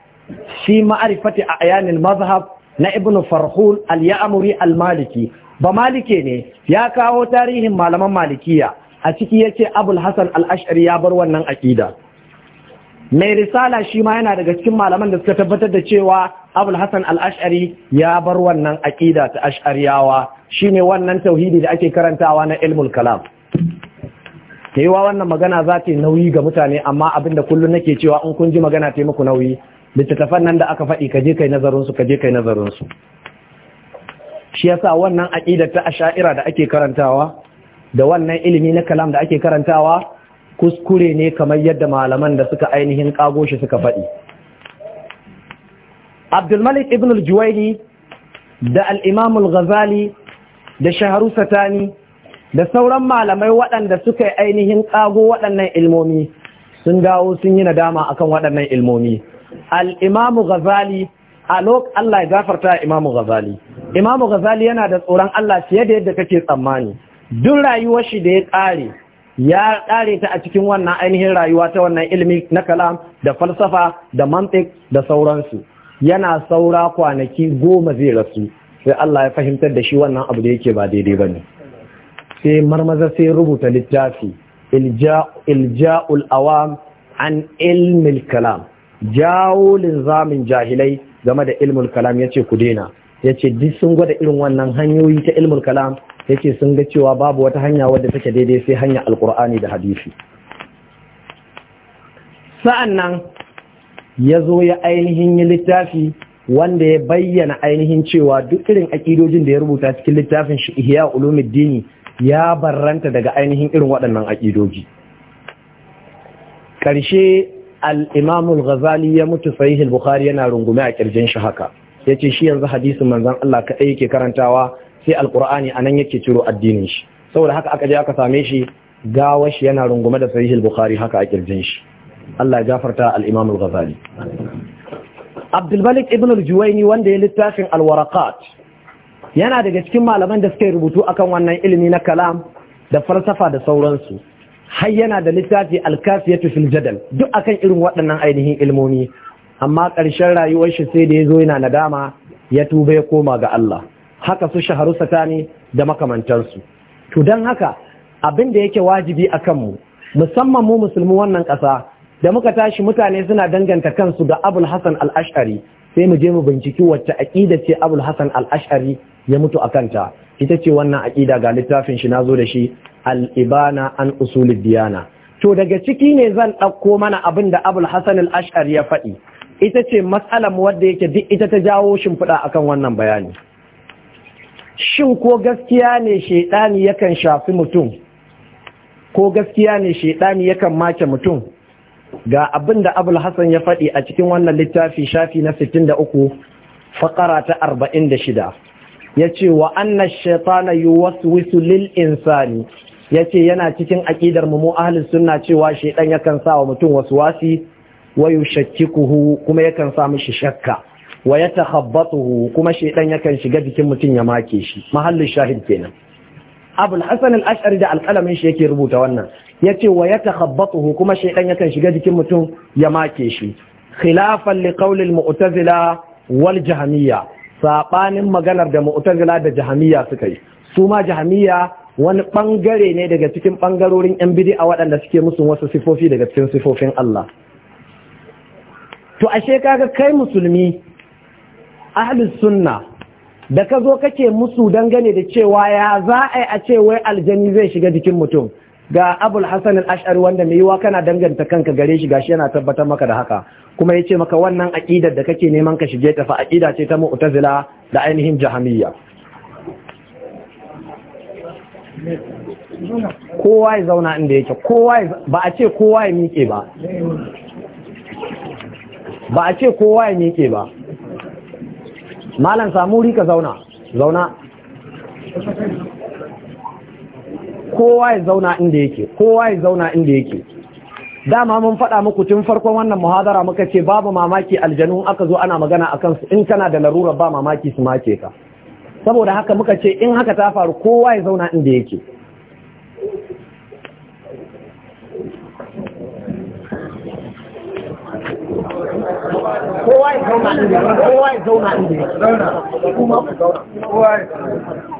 shi ma'arifati a ayanin mazhab na ibn farhul al-ya'muri al-maliki ba malike ne ya kawo tarihin malaman malikiya a ciki yace abul hasan al-ash'ari ya bar wannan aqida mai risala shi ma yana daga cikin malaman da suka tabbatar da cewa abul hasan al-ash'ari ya bar wannan aƙida ta ash'ariyawa shine wannan tauhidi da ake karantawa na ilmul kalam yayiwa wannan magana za ta nauyi ga mutane amma abinda kullum nake cewa in kun ji magana ta yi muku nauyi littattafan nan da aka faɗi ka je kai nazarinsu, ka je kai nazarinsu. Shi ya sa wannan aƙidar ta asha'ira da ake karantawa da wannan ilimi na kalam da ake karantawa kuskure ne kamar yadda malaman da suka ainihin ƙago shi suka faɗi Abdulmalik ibn al da al ghazali da Shaharu Satani da sauran malamai waɗanda suka yi ainihin ƙago waɗannan ilmomi sun dawo sun yi nadama akan waɗannan ilmomi al-imamu ghazali الله Allah ya gafarta imamu imamu yana da tsoron Allah fiye da yadda kake tsammani duk rayuwar da ya ƙare ya ƙare ta a cikin wannan ainihin rayuwa ta wannan ilimi na kalam da falsafa da mantik da sauransu yana saura kwanaki goma zai rasu sai Allah ya fahimtar da shi wannan abu da yake ba daidai ba ne sai marmaza sai rubuta littafi ilja'ul awam an ilmil kalam jawo linzamin jahilai game da ilmul kalam ya ce ku daina yace duk sun gwada irin wannan hanyoyi ta ilmul kalam yace sun ga cewa babu wata hanya wadda take daidai sai hanya Alkur'ani da hadisi Sa'an nan ya zo ya ainihin yi littafi wanda ya bayyana ainihin cewa duk irin aƙidojin da ya rubuta cikin littafin shi ihya ulumuddini ya barranta daga ainihin irin waɗannan aƙidoji Karshe. al ghazali ya mutu sahih al yana rungume a kirjin shi haka yace shi yanzu hadisin manzan Allah kaɗai yake karantawa sai al a nan yake ciro addinin shi saboda haka aka je aka same shi gawar shi yana rungume da sahih al haka a kirjin shi Allah ya gafarta al’imamul ghazali abdulmalik ibn al juwaini wanda ya littafin al yana daga cikin malaman da suka rubutu akan wannan ilimi na kalam da falsafa da sauransu har yana da littafi alkafiyatu fil jadal duk akan irin waɗannan ainihin ilmomi amma ƙarshen rayuwar shi sai da ya zo yana nadama ya tuba ya koma ga Allah haka su shaharu satani da makamantansu. to don haka abin da yake wajibi akan mu musamman mu musulmi wannan ƙasa da muka tashi mutane suna danganta kansu ga abul hasan al-ash'ari sai mu je mu binciki wacce aƙida ce abul hasan al-ash'ari ya mutu akanta ita ce wannan aƙida ga littafin shi nazo da shi Al'ibana an usulid diyana to daga ciki ne zan ɗauko mana abin da abul Hassan al’ashar ya faɗi ita ce matsalar wadda yake duk ita ta jawo shimfiɗa akan wannan bayani shin ko gaskiya ne shaidani yakan shafi mutum ko gaskiya ne shaidani yakan make mutum ga abin da abul hassan ya faɗi a cikin wannan littafi shafi na 63 faƙara ta 46 ya ce wa annan shaitana yi wasu wisu lil insani Ya ce yana cikin aƙidar mu mu ahlus sunna cewa shedan yakan sa wa mutum waswasi wa yushakkikuhu kuma yakan sa mishi shakka wa yatakhabbatuhu kuma shedan yakan shiga jikin mutum ya make shi mahallin shahid kenan abul hasan al-ash'ari da alƙalamin shi yake rubuta wannan yace wa yatakhabbatuhu kuma shedan yakan shiga jikin mutum ya make shi khilafan li qawli al-mu'tazila wal jahmiyya sabanin maganar da mu'tazila da jahmiyya suka yi su ma jahmiyya wani bangare ne daga cikin bangarorin yan a waɗanda suke musu wasu sifofi daga cikin sifofin Allah to ashe kaga kai musulmi ahlus sunna da ka zo kake musu dangane da cewa ya za a yi a ce wai aljani zai shiga jikin mutum ga abul hassan al-ash'ari wanda mai yiwa kana danganta kanka gare shi gashi yana tabbatar maka da haka kuma ya ce maka wannan aƙidar da kake neman ka shige ta fa aƙida ce ta mu'tazila da ainihin jahamiyya kowa ya zauna inda yake kowa ba a ce kowa ya miƙe ba ba a ce kowa ya miƙe ba malam samu rika zauna zauna kowa ya zauna inda yake kowa ya zauna inda yake dama mun faɗa muku tun farkon wannan muhadara muka ce babu mamaki aljanu aka zo ana magana akan su in kana da larurar ba mamaki su make ka saboda haka muka ce in haka ta faru kowa ya zauna inda yake kowa ya zauna inda yake